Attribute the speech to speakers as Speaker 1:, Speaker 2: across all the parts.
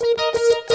Speaker 1: Thank you.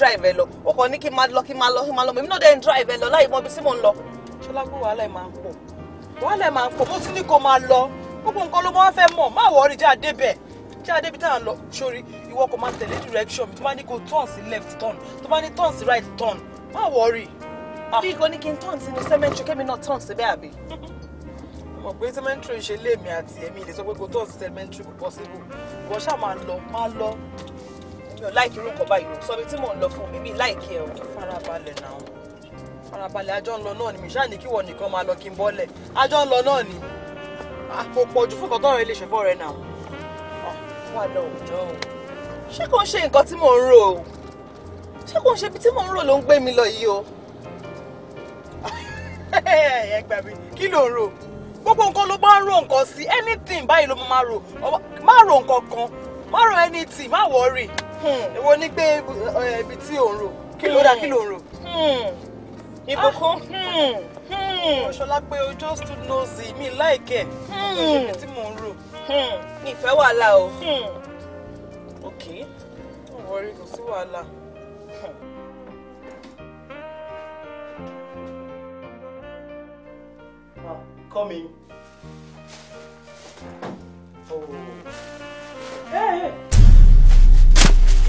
Speaker 2: drive ẹ lọ ọkọ ní kí n máa lọ kí n máa lọ kí n máa lọ èmi náà dẹ̀ ń drive ẹ lọ láì mọ ibi tí mò ń lọ. ṣọlá pé wàhálà ẹ máa ń pọ̀ wàhálà ẹ máa ń pọ̀ mo ti ní kó máa lọ gbogbo nǹkan ló máa fẹ́ mọ̀ má wọrí já débẹ̀ já débi tá à ń lọ sórí ìwọ kò máa tẹ̀lé direction mi tó bá ní kó turn sí left turn tó bá ní turn sí right turn má wọrí. Ah. bí ìgò ní kí n turn sínú cemetery kémi náà turn síbẹ̀ àbí mọ̀ pé cemetery ṣe léèmí àti èmi ìlẹ̀ sọ pé kò turn sí cemetery kò possible bọ̀ ṣáà máa lọ máa lọ mi ò láìkí irú kan báyìí sọ mi tí mò ń lọ fún mi mi láìkí ẹ o. farabalẹ̀ náà farabalẹ̀ àjọ ń lọ náà ni mi ṣáà ní kí wọ́n nìkan máa lọ kí n bọ́lẹ̀ àjọ ń lọ náà ni kò pọ̀ jù fún kọ́tọ́rọ̀ ilé ìṣẹ̀fọ́ rẹ náà ah, wà lọ òòjọ́ o ṣé kò ń ṣe nǹkan tí mò ń rò o ṣé kò ń ṣe ibi tí mò ń rò ló ń gbé mi lọ yìí o ẹ gbà mí kí ló ń rò gbogbo nǹkan ló bá ń rò nǹkan sí anything báyìí ló máa rò má rò nǹkan kan má ro tea. My worry hmm. èwo ni pé eh, ibi tí ò ń rò kí ló Hmm. You ló ń Hmm. hmm. ìbùkún ah. hmm. ọ̀ṣọ́lá pé you just knows mi láìkẹ́ ibi tí mò Hmm. rò ní ìfẹ́ wàhálà o Okay. Don't worry kò sí wàhálà. Ah, Coming. Oh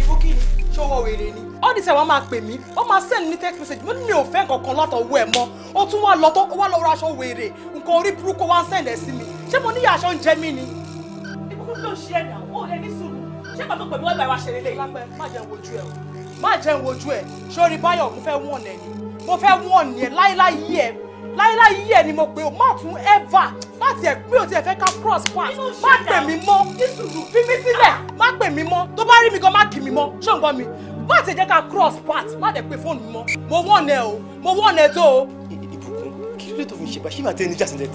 Speaker 2: ibú kí ni ṣọwọ́ wèrè ni. ó ní sẹ́ wọ́n máa pè mí wọ́n máa send ní text message mo ní mi ò fẹ́ nǹkan kan látọ̀ owó ẹ̀ mọ́ ó tún wá lọ tó wá lọ raṣọ wèrè nǹkan orí burúkú wá ń send ẹ̀ sí mi ṣé mo níyà aṣọ ń jẹ mí ni. ibú kí ló ṣe ẹ̀dá ó lè ní sùúrù ṣé pàtó pẹ̀lú ọgbà ìwà ṣẹlẹ̀ lẹ́yìn. má jẹun wojú ẹ má jẹun wojú ẹ sórí báyọ̀ mo fẹ́ wọ̀n ẹ̀ ni mo fẹ́ wọ̀n ẹ̀ láíláí yìí ẹ̀ láíláí yìí ẹ̀ ni mo pè ó má tún ever láti ẹ̀ pé o ti ẹ̀ ká cross path má pè mí mọ́ fi mí sílẹ̀ má pè mí mọ́ tó bá rí mi gan má kì mí mọ́ ṣé ń gbọ́ mi bá ti jẹ́ ká cross path má dẹ̀ pé fóònù mi mọ́ mo wọ́n ẹ o mo wọ́n ẹ tó o. ìbùkún kí ló tó fi ṣe bá ṣé màá tẹ́ ẹni jà sílẹ̀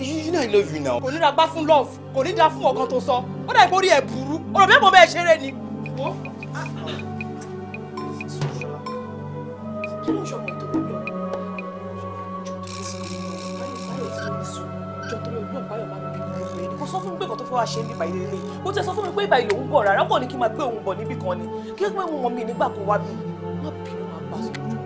Speaker 2: you know I love you now. kò ní ra gbá fún love kò ní da fún ọ̀kan tó sọ ó dà ìborí ẹ̀ burú ọ̀rọ̀ bí ẹ̀ mọ̀ bẹ́ẹ̀ ṣeré ni. sọ fún mi pé nǹkan tó fẹ́ wá ṣe níbàyí lélẹ̀ kó tẹ sọ fún mi pé ìbàyí lòún bọ̀ rárá kò ní kí n máa gbé òun bọ̀ níbì kan ni kí ló pé òun mọ̀ mí nígbà kó wá bí má
Speaker 3: bínú má bá sọ lójú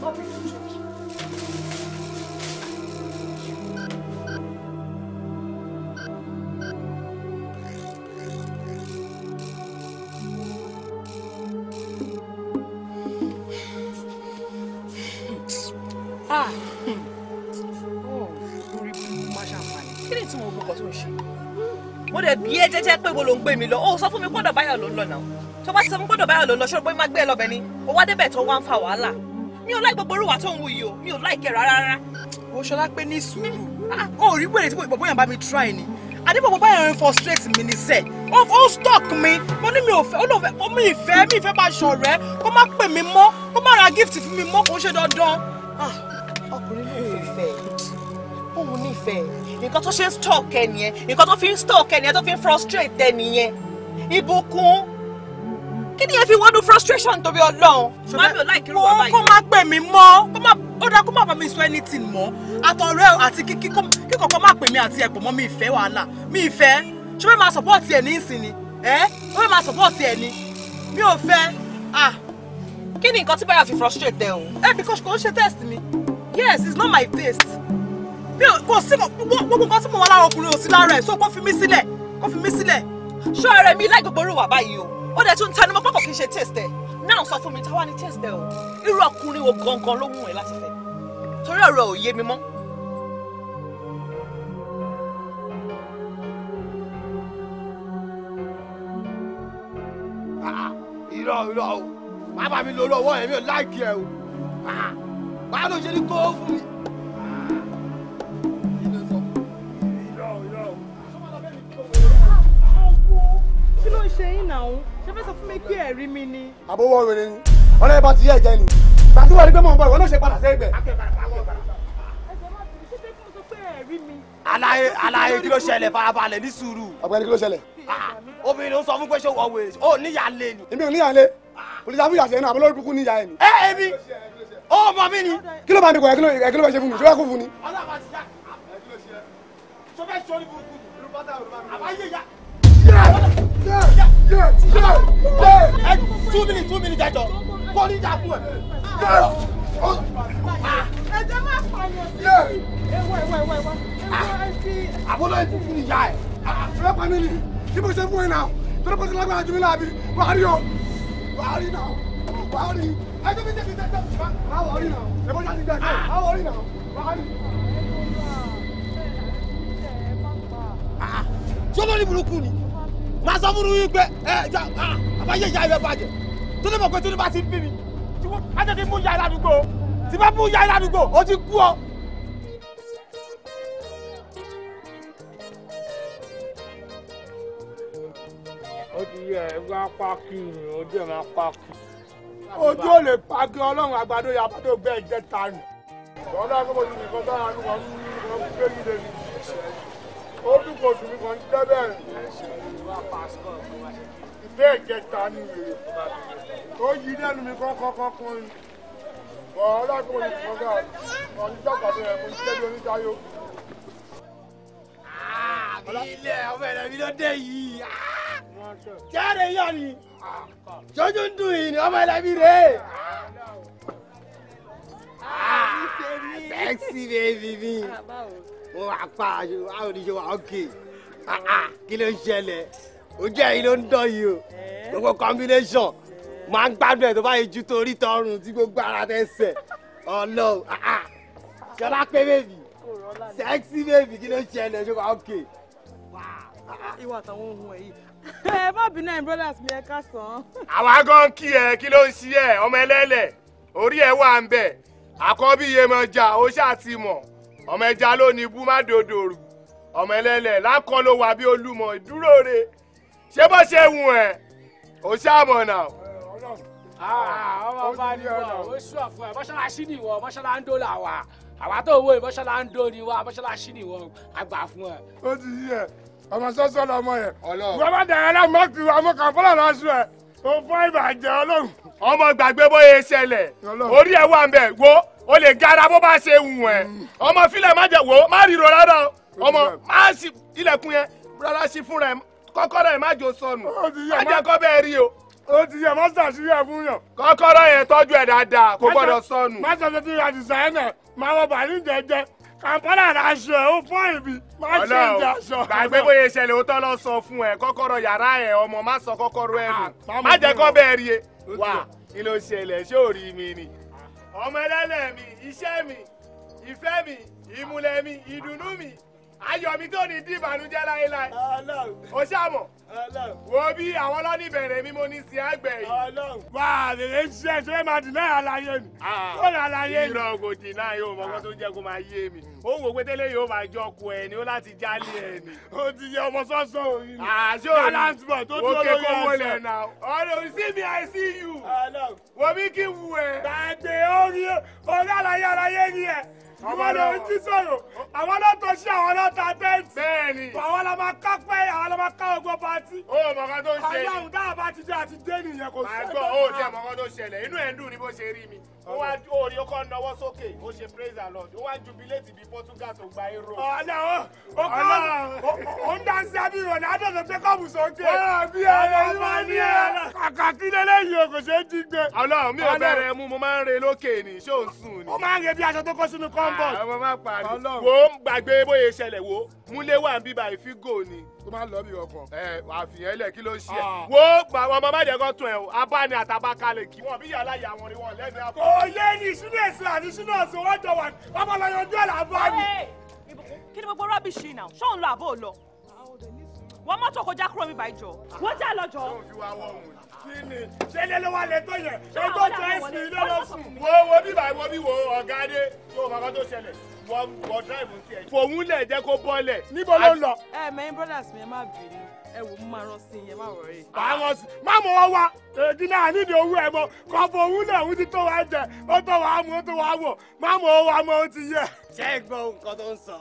Speaker 3: tóbi in mo
Speaker 4: dẹ̀ bí ẹ jẹ́jẹ́ pé
Speaker 2: wo ló ń gbé mi lọ ó sọ fún mi gbọ́dọ̀ báyọ̀ ló ń lọ tó bá ti sọ fún gbọ́dọ̀ báyọ̀ ló ń lọ ṣọ́rọ́ bóyá má gbé ẹ lọ́bẹ̀ ni ó wá débẹ̀ tó wá ń fa wàhálà mi ò láì gbogbo orúwà tó ń wu yìí o mi ò láì kẹ rárá rárá. o ṣọlá pé ní sùúrù ah, o rí wèrè tí bọ̀bọ̀ yàn bá mi try ni àdébọ̀bọ̀ bá yàn frustrate mi ní sẹ́ẹ̀ ó stock mi mo ní mi ò fẹ́ mi ìfẹ́ mi ìfẹ́ bá ṣọ̀rẹ́ kó má pè mí mọ́ kó má ra gift fún mi mọ́ kó ṣe dandan. Ah, ọkùnrin ní ìfẹ́ òun ní ìfẹ́ nǹkan tó ṣe ń stalk ẹni yẹn nǹkan tó fi ń stalk ẹni yẹn tó fi ń frustrate ẹni yẹn kí ni ẹ fi wọ́dún frustration torí ọlọ́run. ṣùgbọ́n mi ò láìkí irú wa báyìí. kó má pè mí mọ́ ó dáa kó má bá mi sọ anything mọ́ àtọ̀rẹ́ àti kíkọ́ kó má pè mí àti ẹ̀pọ̀ mọ́ mi ìfẹ́ wàhálà mi ìfẹ́ ṣé fẹ́ máa support ẹ̀ ní ìsìn ni ẹ́ ó máa support ẹ̀ ní mi ò fẹ́ ah. kí ni nǹkan tí báyà fi frustrate ẹ o. ẹ eh, bí kò ṣe test mi yes it's not my taste mi ò kò sí gbogbo nǹkan tí mo wà lára ọkùnrin ò sí lára ẹ̀ so kó fi mí sílẹ̀ kó fi mí sílẹ̀ ṣọ́ ẹ̀rẹ̀ mi láì gbogbo irú wà báyìí o ó dẹ̀ tún tẹnumọ́ pọ̀pọ̀ kì í ṣe taste ẹ̀ náà sọ fún mi táwa ní taste ẹ̀ o irú ọkùnrin wo gangan ló wù ẹ́ láti fẹ́ torí ọ̀rọ̀ ò yé mi
Speaker 1: mọ́.
Speaker 3: Ah, irọ́ irọ́ o bàbá mi lò lọ́wọ́ ẹ̀mí ò láìkí ẹ o ah, báwo ló ṣe ní kó fún mi. ṣe yín náà ṣe fẹ́ sọ fún mi pé ẹ̀rí mi ni. àbówọ́ wẹ̀rẹ̀ ni ọ̀rẹ́ bá ti yẹ ẹ̀jẹ̀ ni gbàtí wọ́n rí pé mò ń bọ̀ ìwọ náà ṣe padà sẹ́gbẹ̀. alaye alaye kí ló ṣẹlẹ̀ farabalẹ̀ ní sùúrù. ọ̀gbẹ́ni kí ló ṣẹlẹ̀. Ah, obìnrin ló ń sọ fún pé ṣé wọ́n wèé ó níyà ń lé ni. èmi ò níyà ń lé olùjà fún ìyàsẹ́ náà àbúrò dúkú níyà ẹ̀ ni. ẹ ẹ mi ó mọ mi ni. kí ló máa ń dikọ̀ ẹ̀ kí ló máa ṣe fún mi ṣé wọ́n kún fún ni. ọlọ́pàá ti já ṣọfẹ́ sọ́ni burúkú àbáyé ya ẹ two minutes two minutes ẹjọ kọ́ni ìjà fún ẹ. ẹjọ máa pààyàn sí ẹwà ẹwà ẹwà ẹwà àbọ̀dọ̀ ẹ̀ fún ìyá ẹ̀ ẹ pa mí ni kí mo ṣe fún ẹ náà tọ́lá pọ̀ sí lágbára jù mí láàbí wàá rí o wàá rí náà wàá rí ẹjọ́ mi jẹ́ mi jẹ́ jẹ́ wàá rí náà ẹ̀bọ́n ṣáà ti gbà jẹ́ wàá rí náà wàá rí. sọ́dọ̀ ní burúkú ni máa sọ fún yín pé ẹ jà ah, àbáyé ìyá rẹ bàjẹ́ tó lè mọ̀ pé tinubu ti ń bí mi tí wọ́n á jẹ́ kí n mú yàrá àdúgbò tí bá mú yàrá àdúgbò ó ti kú ọ. ó ti yẹ ẹ bá pákí ni ó dẹ̀ máa pákí. ojú ò lè pákí ọlọ́run àgbàdo yàtọ̀ tó gbẹ ìjẹta nù. ọlọ́run kò mọ̀ ní nìkan tó ara lù wọ́n ń gbé yìí lé ó dùn kò dùn mí kàn ti dábẹ́ rẹ̀. ìbẹ́ ìkẹta ni wèrè tó yí lẹ́nu mi kọ́kọ́kọ́ kan ni bọ̀ ọlọ́kùnrin ìfọ̀gà ọ̀nìjọba bẹ̀rẹ̀ mo ti tẹ́jú onídàáyò. ilé ọmọ ẹ̀rọ mi ló dé yìí jáde yọ ni jọjú ń dùn yìí ni ọmọ ẹ̀rọ mi rè é.
Speaker 1: sexy baby mi. Ah,
Speaker 3: wọn wà pa aṣọ àwọn oníṣẹ wà ókè kí ló ń ṣẹlẹ̀ ojú ẹ̀yin ló ń dán yìí o eh? gbogbo combination máa ń gbádùn ẹ̀ tó bá yẹ ju torí tọrùn tí gbogbo ara tẹ̀ sẹ̀ ọ̀nà ṣọlá pé bèbí sẹ́ẹ̀sì bèbí kí ló ń ṣẹlẹ̀ ṣọ
Speaker 1: wà ah, ah. ìwà
Speaker 2: àtàwọn ohun ẹ̀ yìí ẹ eh, má bínú ẹ̀ brothers mi ẹ ká sàn. àwa gan kí ẹ kí ló ń
Speaker 3: ṣí ẹ ọmọ ẹlẹ́lẹ̀ orí ẹ wà ń bẹ̀ àkọ́bí Yemọja ó ṣáà ti mọ̀ ọmọ ẹja ló ní ibú má dòdòrò ọmọ ẹlẹ́lẹ̀ lákàn ló wà bí olúmọ ìdúró re ṣé bó ṣe wù ẹ́ o ṣe àmọ̀nà. Ah, ọmọ bá ní ọ̀nà ó sún àfọ ẹ̀ mọ́ṣáláṣí ni ìwọ mọ́ṣáláṣí ń dólà wà àwa tó wo ìmọ̀ṣáláṣí ń dó ni wà mọ́ṣáláṣí ni ìwọ àgbà fún ẹ. ó ti yí ẹ ọmọ sọ́sọ́ lọmọ yẹn wọ́n bá dàrẹ́ lọ́mọ kiri ọmọ kan fọlọ́ lọ́sùn ẹ̀ ó fọ́ ìbàjẹ́ ọlọ́run. ọmọ gbàgbé bóyá ṣẹlẹ̀ orí ẹ̀ wà ń bẹ̀ wo o lè gara bó bá ṣe wù ẹ́ ọmọ filẹ̀ má jẹ wò ó má ríro rárá o ọmọ má sì ilẹ̀kùn yẹn rárá sí fúnra ẹ̀ kọ́kọ́rọ́ ẹ̀ má jò sọnù má jẹ́ kọ́ bẹ́ẹ̀ rí o. o ti yẹ má ṣàṣìyẹ fún yàn. kọ́kọ́rọ́ yẹn tọ́jú ẹ̀ dáadáa kò gbọ́dọ̀ sọnù. má ṣe ti ra dìsáínà máa wọ bàálù jẹjẹ kàmpálà ra aṣọ ẹ ó fọ ibi má ṣe ìjà aṣọ. gbàgbé bóyá ìṣẹ̀lẹ̀ òótọ́ lọ sọ fún ẹ kọ́kọ́rọ́ yàrá ẹ ọmọ má sọ kọ́kọ́rọ́ ẹ nù ah, má jẹ́ kọ́ bẹ́ẹ̀ rí e wà kí ló ṣẹlẹ̀ ṣé ò rí mi ni ọmọ ẹlẹ́lẹ̀ mi iṣẹ́ mi ìfẹ́ mi ìmùlẹ̀ mi ìdùnnú mi ayọ̀mí tó ní dín ìbànújẹ́ láéláé o ṣàmọ̀ wo bí àwọn lọ́ní bẹ̀rẹ̀ mi mo ní sí àgbẹ̀ yìí. wà á lè ṣe ẹ ṣe máa dìná àlàyé mi ó ní àlàyé mi. irọ́ kò dìná yóò mọ ọkọ tó jẹ́ kó máa yé mi ó wò pé tẹ́lẹ̀ yóò máa jọ ku ẹni ó láti jálé ẹni. ó ti yẹ ọmọ sọ́sọ́ òyìn mi balance ball tó dúró lórí ẹsẹ̀. ọ̀rọ̀ sí mi i see you wo bí kí wù ẹ́. bàtẹ́ orí ọ̀rẹ́ àlàyé àlàyé ni ẹ̀ ìwọ ló ń jí sọ̀rọ̀ àwọn aláta sí àwọn aláta tẹ́ǹtì. bẹ́ẹ̀ni. àwọn la máa ká pẹ́ àwọn la máa ká ogbó pati. ó mọ̀kọ́ tó ń ṣe. aláwùdá àbá ti dé àti dé nìyẹn kò sí. màá gbọ́ ó jẹ́ mọ̀kọ́ tó ṣẹlẹ̀ inú ẹ̀ ń dùn ní bó ṣe rí mi ó wá orí ọkọ náwó sókè ó ṣe praise the lord ó wá jubilate bí portugal tó gba euro. ọ̀nà ó kọ́ ó ń dánsí àbí ronaldo tó gbé kọ́ọ̀bù sókè. ọ̀nà bí ẹ̀rọ yìí máa ní ẹ̀. kàkàkí lélẹ́yìí o kò ṣeé jí gbé. ọlọ́run mi ò bẹ̀rẹ̀ mu mo máa ń re lókè ni ṣé ò ń sùn ni. ó máa ń re bí aṣọ tó kó sínú kọ́ńbọ̀n. àwọn máa pariwo wo gbàgbé bóyá ìṣẹ̀lẹ̀ wo múlé wà ń bíbá ìfígò ni tó máa ń lọ bí ọkàn. ẹ wà á fi yẹn lẹ kí ló ń ṣe ẹ. Ah. wo gba àwọn ọmọ májẹ kan tún ẹ o abáni àtàbákalẹ kí wọn bí yàrá ìyá wọn ni wọn lẹnu àpò. kò yé ni ìṣúná èsì àti ìṣúná ọ̀sán wọn jọ wà ọmọ lọ yanjú àlàáfíà ni.
Speaker 2: kí ni gbogbo rọ́bìṣì náà ṣóun lọ àbó lọ wọ́n mọ́tò kọjá kúrò mi báyìí jọ wọ́n jà lọ́jọ́. yóò fi wá
Speaker 1: wọ̀ wọ̀nyí kíni
Speaker 2: ṣẹlẹ̀ ló wà lẹtọ yẹn ẹgbẹ ọjà ẹsìn ló lọ sùn. wo wo bí báyìí wo bí wo ọ̀gá dé
Speaker 3: tó o bàbá tó ṣẹlẹ̀ wọ wọ dráìbù tiẹ̀. fòun lẹ̀ jẹ́ kó bọ́lẹ̀. níbo ló ń lọ. ẹ mẹ́yìn brothers mi ẹ má bínú
Speaker 2: ẹ wò ó máa rán sí i ẹ má wọ̀rẹ́.
Speaker 3: máa rán sí i má mọ̀ wọ́n wá èdè náà nídìí owó ẹ̀ mọ́ kọ́ fòun lẹ̀ òun ti tó wá jẹ ó tó wá mú ó tó wá wọ̀ má mọ̀ wọ́n wá mọ́ ó ti yẹ. ṣé ẹ gbọ́ nǹkan tó ń sọ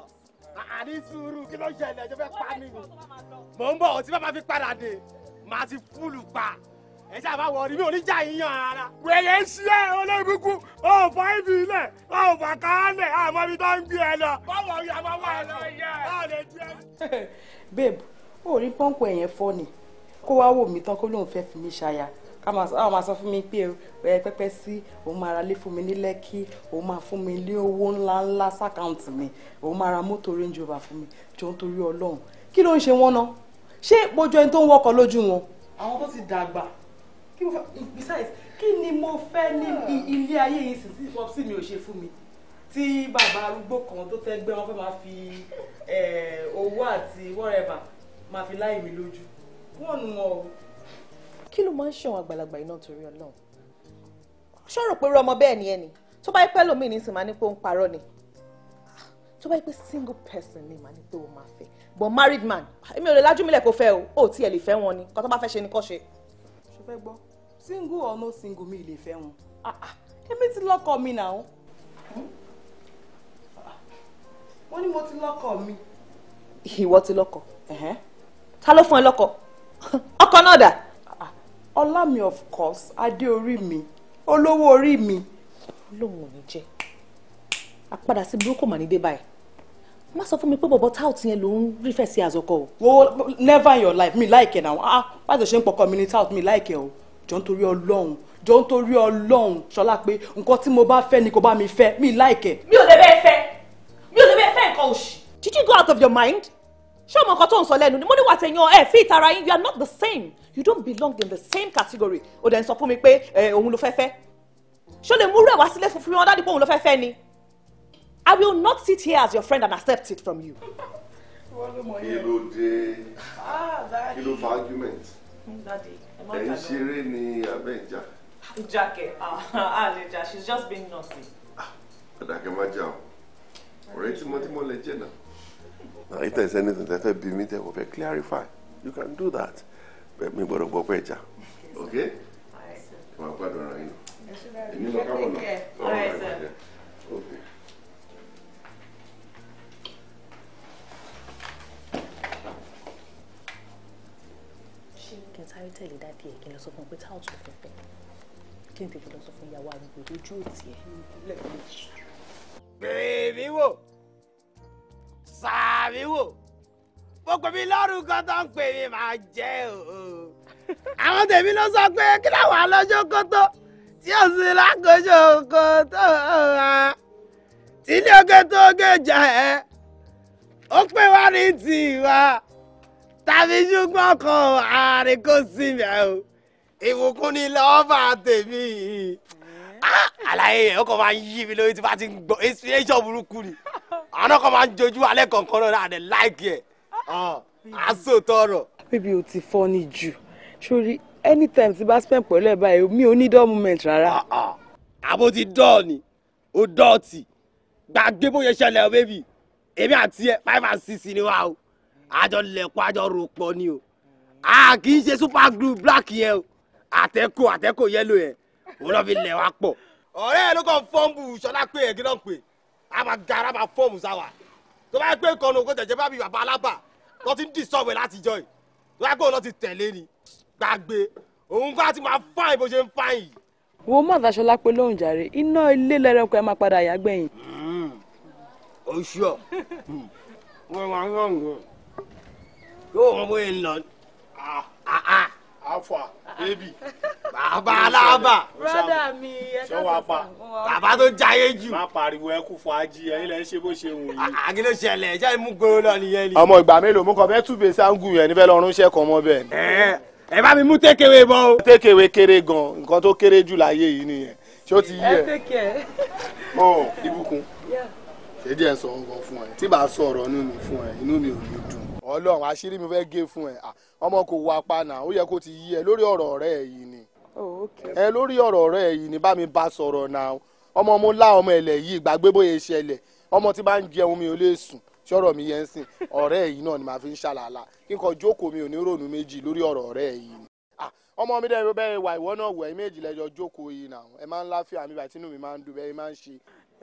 Speaker 3: àní sùúrù kí ló ṣẹlẹ̀ ẹ jẹ́ fẹ́ pa mí ni mò ń bọ̀ ọtí bá máa fi padà dé máa ti fúlù pa ẹ ṣáà bá wọrí mi ò ní jà yín ara. wẹ̀yẹ̀ ń ṣí ẹ olóògùnkù ọ̀fà ibi ilẹ̀ ọ̀fà kálẹ̀ àmọ́ ibi tó ń gbé ẹ lọ. báwo ni àwọn wà lọ yẹ ẹ lè di ẹ. babe ó rí pọ́ǹpù
Speaker 2: ẹ̀yẹn fọ́ ni kó wá wò mí tán kó lóun fẹ́ fi mí ṣaya káwọn máa sọ fún mi pé ẹ pẹ́pẹ́ sí òun máa ra lé fún mi ní lẹ́kì òun máa fún mi lé owó ńláńlá sàkáǹtì mi òun máa ra mọ́tò range rover fún mi jọ ń torí ọlọ́run kí ló ń ṣe wọ́n náà ṣé bójú ẹni tó ń wọkọ̀ lójú wọn. àwọn tó ti dàgbà kí mo fẹ́ besides kí ni mo fẹ́ ní ah. ilé ayé yìí sì tí pọ́pì mi ò ṣe fún mi tí bàbá arúgbó kan tó tẹ́gbẹ́ wọn fẹ́ máa fi owó àti wọ́rẹ́bà máa fi láì mi lójú wọ́n nu wọn o. kí ló máa ń ṣe àwọn àgbàlagbà iná torí ọlọ́run ṣọ́rọ̀ pé ọmọ bẹ́ẹ̀ ni ẹni tó bá pẹ́ lómi ní sìn máa pé ó ń parọ́ ni tó bá yẹ single person ni màá ní pé o máa fẹ́ but married man èmi ò lè lajú mílẹ̀ kó fẹ́ o ò tí ẹ lè fẹ́ wọn ni kó bá fẹ́ ṣe ni kó ṣe. ṣe fẹ́ gbọ́ single or no single mi lè Ah, wọn ah, èmi ti lọ́kọ mi náà ah, ah. wọ́n ní mo ti lọ́kọ mi. ìwọ ti lọ́kọ ta ló fún ẹ lọ́kọ ọkọ náà dà. mi of course adé orí mi olówó orí mi. lóun ò ní jẹ àpadà si burúkú mà ní dé báyìí má sọ fún mi pé bọ̀bọ̀ tout yẹn ló ń rífẹ̀ sí àzọkọ o. never in your life Me like láìkẹ́ now. ah why do ṣe ń pọkàn mi ní me like láìkẹ́ o jọ nítorí ọlọ́run jọ nítorí ọlọ́run ṣọlá pé nǹkan tí mo bá fẹ́ ni kò bá mi fẹ́ mi láìkẹ́. mi ò lè bẹ́ẹ̀ fẹ́ mi ò lè bẹ́ẹ̀ fẹ́ nǹkan oṣù. did you go out of your mind? ṣé ọmọ nǹkan tó ń sọ lẹ́nu ni mo ní wà tẹ̀yàn ẹ̀ fi ìtara yín you are not the same you don't belong in the same category ó dẹ̀ ń sọ fún mi pé òun ló fẹ́ fẹ́ ṣó lè múrú ẹ̀ wá sílé fún mi wọn dájú I will not sit here as your friend and accept it from you.
Speaker 4: kí ló dé ah, kí ló fa argument ẹ̀ ń ṣeré ní abẹ́ ìjà. jákè
Speaker 2: àlejà she's just been nursing.
Speaker 4: àdàkẹ́ ah, má jà o ọ̀rẹ́ tímọ́tímọ́ lè jẹ́ náà. now if there is anything tẹ́ fẹ́ bí mi tẹ́ wọ́n clarify you can do that bẹ́ẹ̀ mi gbọ́dọ̀ gbọ́ pé ìjà ok wàá gbàdúrà yín èmi lọ káwọn náà ọ̀rẹ́ ìjà ok.
Speaker 2: sáré tẹ̀lé dáadé ẹ̀ kí n lọ sọ fún un pé táwọn tó fún un kí n tètè lọ sọ fún ìyàwó àgbègbè lójú òtí ẹ̀
Speaker 3: lẹ́ẹ̀mejì. wò sàmí wò mo pè mí lórúkọ tó ń pè mí máa jẹ́ o. àwọn tèmi ló sọ pé kí láwọn alọ́jọ́ kótó tí ó sì lákòóso kótó wa tí ilé oge tó oge jà ẹ́ ó pè wá ní tiwa tàbí ṣùgbọ́n kan ààrẹ kò sí mi o ìbùkún ni lọ́ọ̀bà tèmi ah, àlàyé yẹn ó kàn máa ń yí mi lórí tí bá ti ń gbọ́ inspiration burúkú ni àná kan máa ń jojú alẹ́ kankan náà àdé láìkì ẹ̀ ah, àásò tọrọ.
Speaker 2: bébí o ti fọ́ ni jù sórí anytime tí bá spend pẹ̀lú ẹ̀ báyìí mi ò ní dull moment rárá.
Speaker 3: Ah, àbó ti dọ́ọ̀ ni ó dọ́ọ̀tì gbàgbé bóyá ṣẹlẹ̀ o bébì èmi àti ẹ five and six ni wá o àjọ lẹ̀kọ́ àjọ ròpọ̀ ni o a kì í ṣe super glue black yẹn o àtẹ́kọ̀ àtẹ́kọ̀ yẹ́lò yẹn òun náà fi lẹ̀ wá pọ̀. ọ̀rẹ́ ẹ̀ ló kàn fọ́ọ̀mù sọlá pé ẹ̀ kí náà pè á máa gara máa fọ́ọ̀mù sáwà tó bá pé kọ́nù kó jẹ̀jẹ̀ bá mi bàbá alábà tó ti ń dì sọ́ọ̀bù látijọ́ yìí tó bá pé òun náà ti tẹ̀lé ni gbàgbé òun kọ́ àti máa fáìn bó ṣe ń fáìn yìí. wo
Speaker 2: má daṣọlá pé lóhùn jàre iná ilé lẹ́rẹ̀kọ́ ẹ máa padà yá oṣù
Speaker 3: hmm. ọ̀ hmm. wọ́n máa ń rọrùn yóò mọ bóyá ń lọ. Ah, ah, ah. afa baby. bàbá aláàbà. brọ́dà mi ẹ ká tó fà. bàbá tó jayé jù. má pariwo ẹ kú fàájì ẹyin lẹ ń ṣe bó ṣe wù yín. àgílẹ̀ ṣẹlẹ̀ ṣe é mú gbòòrò lọ nìyẹn ni. ọmọ ìgbà mélòó mú kàn fẹ́ túbẹ̀ sangu yẹn nífẹ̀ẹ́ lọ́rùn iṣẹ́ kan mọ́ bẹ́ẹ̀. ẹ bá mi mú tékèwé bọ́. tékèwé kéré gan nǹkan tó kéré jù láyé yìí nìyẹn ṣé ó ti yí ẹ. ẹ tẹkẹ. ọ Ìbùkún ṣé díẹ̀ sọ nǹkan fún ẹ tí bá sọ inú mi fún ẹ inú mi ò ní dùn Ọlọ́run àṣírí mi fẹ́ gé fún ẹ ọmọ kò wá paná ó yẹ kó ti yí ẹ lórí ọ̀rọ̀ ọ̀rẹ́ yìí ni oh, ẹ lórí ọ̀rọ̀ ọ̀rẹ́ yìí ni bá mi bá sọ̀rọ̀ náà ọmọ mo lá ọmọ ẹlẹ yìí gbàgbé bóyá ìṣẹ̀lẹ̀ ọmọ tí bá ń jẹun mi ò lè sùn sọ̀rọ̀ mi yẹn ń sìn ọ̀rẹ́ yìí náà ni màá fi ń ṣàlàlà kíkọ jókòó mi ò ní rònú méjì lórí ọ̀rọ̀ ọ̀rẹ́ yìí ni ọmọ mi dẹ́rẹ́ bẹ́ẹ̀ wà ìwọ náà wẹ̀ méjì lẹ́jọ́ jókòó yìí náà ẹ máa ń láfíà mi bàtínú mi máa ń dùn bẹ́ẹ̀ máa ń ṣe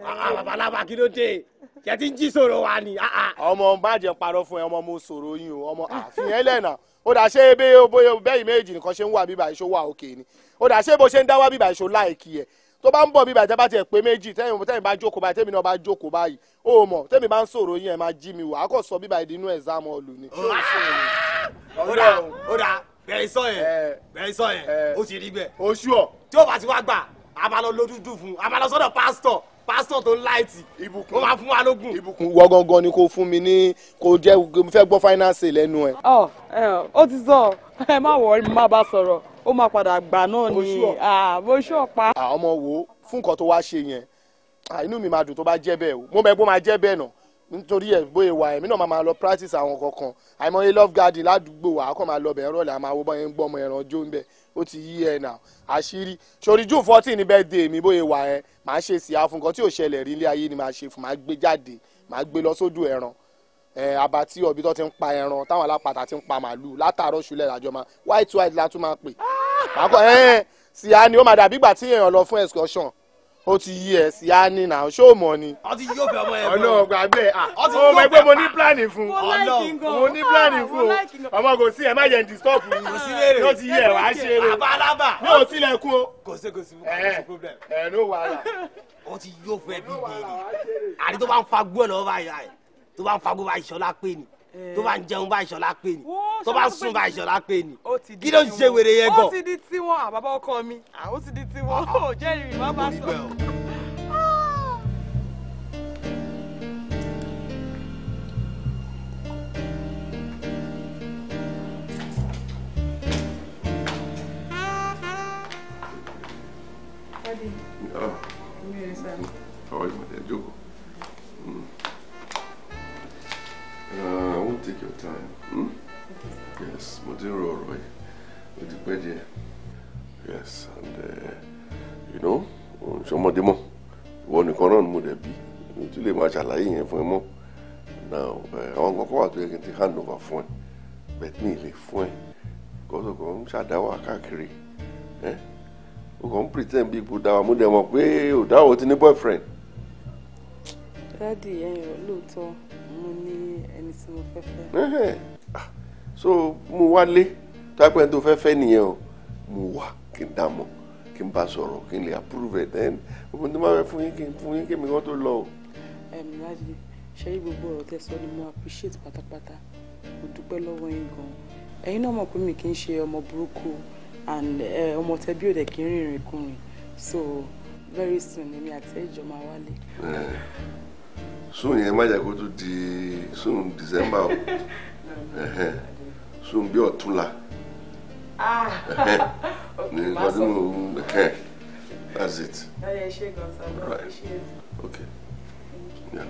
Speaker 4: Ah, ah, babalaba
Speaker 3: kí ló dé jẹ ti ń jí sọ̀rọ̀ wa ni. Ah, ọmọ má jẹ́ parọ́ fún ẹ ọmọ mo sọ̀rọ̀ yín o ọmọ àfihàn ẹlẹ́nà ó dà ṣe bẹ́ẹ̀ bẹ́ẹ̀ méjì nìkan ṣe ń wà bíbà ìṣó wà òkè ni ó dà ṣe bó ṣe ń dá wà bíbà ìṣó láìkí ẹ̀ tó bá ń bọ̀ bíbà ìjábá tiẹ̀ pé méjì tẹ́mi bá jókòó báyìí tẹ́mi náà bá jókòó báyìí ó mọ̀ tẹ́mi bá ń sọ̀rọ̀ yín ẹ̀ máa jí mi wò á kò sọ bíbà ìdí inú ẹ̀ ọ̀lù ni. ó dà ó dà bẹ̀rẹ̀ sọ yẹn eh, bẹ̀rẹ̀ sọ yẹn eh, ó ti rí bẹ́ẹ̀. oṣù ọ̀ tí ó bá ti wá gbà a máa lọ fún a máa pásítọ̀ pásítọ̀ tó láìtì ìbùkún ó máa fún wa lógún. ìbùkún wọ gangan ni kò fún mi ní kò jẹ́ mo fẹ́ gbọ́ finance lẹ́nu ẹ̀. ọ ẹ ó ti sọ ẹ má wọ má bá sọ̀rọ̀ ó máa padà gbà náà ni mo ṣú ọ̀pá. ọmọ wo fún nǹkan tó wá ṣe yẹn inú mi máa dùn tó bá jẹ́ bẹ́ẹ̀ o mo mọ̀ ẹ́ máa jẹ́ bẹ́ẹ̀ náà nítorí ẹ bóyá wà èmi náà máa lọ practice àwọn kankan àìmọye love garden ládùúgbò wa àkọ́ máa lọ bẹ̀rẹ̀ rọ̀lẹ́ àmọ́ àwọn bọ́yẹn ń gbọ́ ẹran jó ń bẹ̀ ó ti yí ẹ nà àṣírí sori june fourteen ní birthday mi bóyá wà ẹ màá ṣe sí àfun tí ò ṣẹlẹ̀ rí ilé ayé ni màá ṣe fún màá gbé jáde màá gbé lọ sódò ẹran ẹ abatí ọbí tó ti ń pa ẹran táwọn alápatà ti ń pa màálù látàárọ̀ ṣúlẹ̀ làjọ máa white white látún máa pè sí àní ó máa dàbí ìgbà tí èèyàn lọ fún ó ti yí ẹ sí áánì náà ṣó mọ ni. ó ti yóò fẹ́ ọmọ ẹ bọ. ọlọ́run gbà bẹ́ẹ̀ ọmọ ẹgbẹ́ mo ní pílánì fún mo ní pílánì fún ọmọ kò sí ẹ má yẹ ń disturb mi ló ti yí ẹ wá ṣe é mi ò tilẹ̀kùn o. kò sí kò sí problem. ẹ ẹ ló wàhálà. ó ti yóò fẹ́ bí gbèrè àti tó bá ń fagbó ẹ̀ lọ́wọ́ báyìí tó bá ń fagbó báyìí ṣọlá pé ni. Eh. tó bá ń jẹun bá ìṣọ̀lá pè ní tó bá sùn bá ìṣọ̀lá pè ní
Speaker 2: kí ló ń ṣe wèrè yẹn gan. ó ti di tiwọn ah, àbábọ̀ ọkọ mi ah, ó ti di tiwọn ah, ó jẹ́ ìrìn má bá sọ.
Speaker 4: Daddy. Oh. Yes, sir. Oh, it's my Mm. Ah, I won't take your time. Hmm? Yes, Modiro Roy. Odipedia. Yes, and uh, you know, ṣọmọdé more Ìwọ nìkan náà ni mo dẹ̀ bí. Mi tún lè máa ṣàlàyé yẹn fún more. Now, eh, àwọn kankan to tó yẹ kí n ti hand over fún ẹ. But me, the fún ẹ. Kọ́sọ̀ kan ń ṣàdáwà káàkiri. Ó eh? kàn ń pretend bí ipò dáwà mo dẹ̀ mọ̀ pé òdáwà ó ti ní boyfriend
Speaker 2: dádì ẹyọ lóòótọ́ mo ní ẹni tí mo fẹ́
Speaker 4: fẹ́. Ah, so mo wálé tápẹ́ tó fẹ́ fẹ́ nìyẹn o mo wà kí n dààmú kí n bá sọ̀rọ̀ kí n lè approve ẹ̀ then gbogbo tó máa fẹ́ fún yín kí n fún yín kí mi kàn tó lọ o. ẹ̀mí láti
Speaker 2: ṣe é gbogbo ọ̀rọ̀ tẹ́sán ni mo appreciate pátápátá mo dúpẹ́ lọ́wọ́ yín gan-an ẹ̀yin náà mọ̀ pé mi kì í ṣe ọmọ burúkú and ọmọ tẹbí òde kì í rìnrìn kùnrin so very soon èmi àti ẹjọ máa wálé.
Speaker 4: Soon, yẹn má jẹ́ kó tún di sùn december o sùn bí ọ̀túnla ah. ní nǹkan tí mo that's it. Right. okay. Yeah.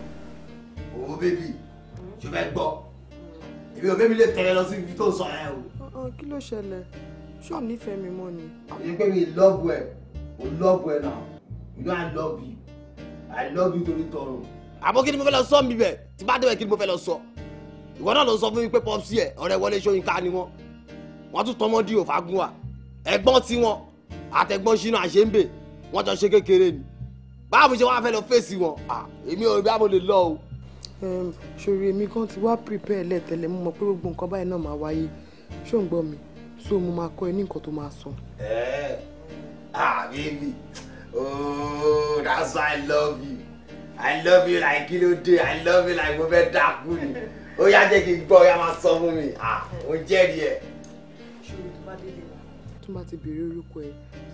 Speaker 3: owó bébì hmm. ṣe fẹ́ gbọ́ èmi ò bébì lè tẹ̀lé lọ sí ibi tó ń sọ ẹ o.
Speaker 2: Ah, ah, kí ló ṣẹlẹ̀ ṣé ò nífẹ̀ẹ́ mi mọ́ ni.
Speaker 3: àyè pé mi love ẹ o love ẹ now? you know I love you I love you torí tọrọ àmọ́ kí ni mo fẹ́ lọ sọ mi bẹ̀ tí bá débẹ̀ kí ni mo fẹ́ lọ sọ ìwọ náà ló sọ fún mi pé pọ́psì ẹ̀ ọ̀rẹ́ Wọlé Ṣóyínká ni wọ́n wọ́n tún tọmọ dí òfagún wa ẹ̀gbọ́n tí wọn àtẹ̀gbọ́n Ṣínà Àṣẹ́ńbè wọ́n jọ ṣe kékeré ni báwo mo ṣe wá fẹ́ lọ fèsì wọn èmi ò rí bá mo lè lọ o.
Speaker 2: ṣòro èmi kan ti wá prepare lẹ́tẹ̀lẹ̀ mo mọ̀ pé gbogbo nǹkan báyìí náà máa wáyé ṣó ń gbọ́ mi so mo máa kọ́ ẹ ní nǹkan tó máa sọ.
Speaker 3: ẹ ah baby oh that's why I love you. I love you like kí ló I love you like mo fẹ́ dákú ni ó yá jẹ́ kí n gbọ́ ó yá máa mi ah mo jẹ́rìí ẹ̀. ṣòro tó bá délé wa.
Speaker 2: tó So ti béèrè orúkọ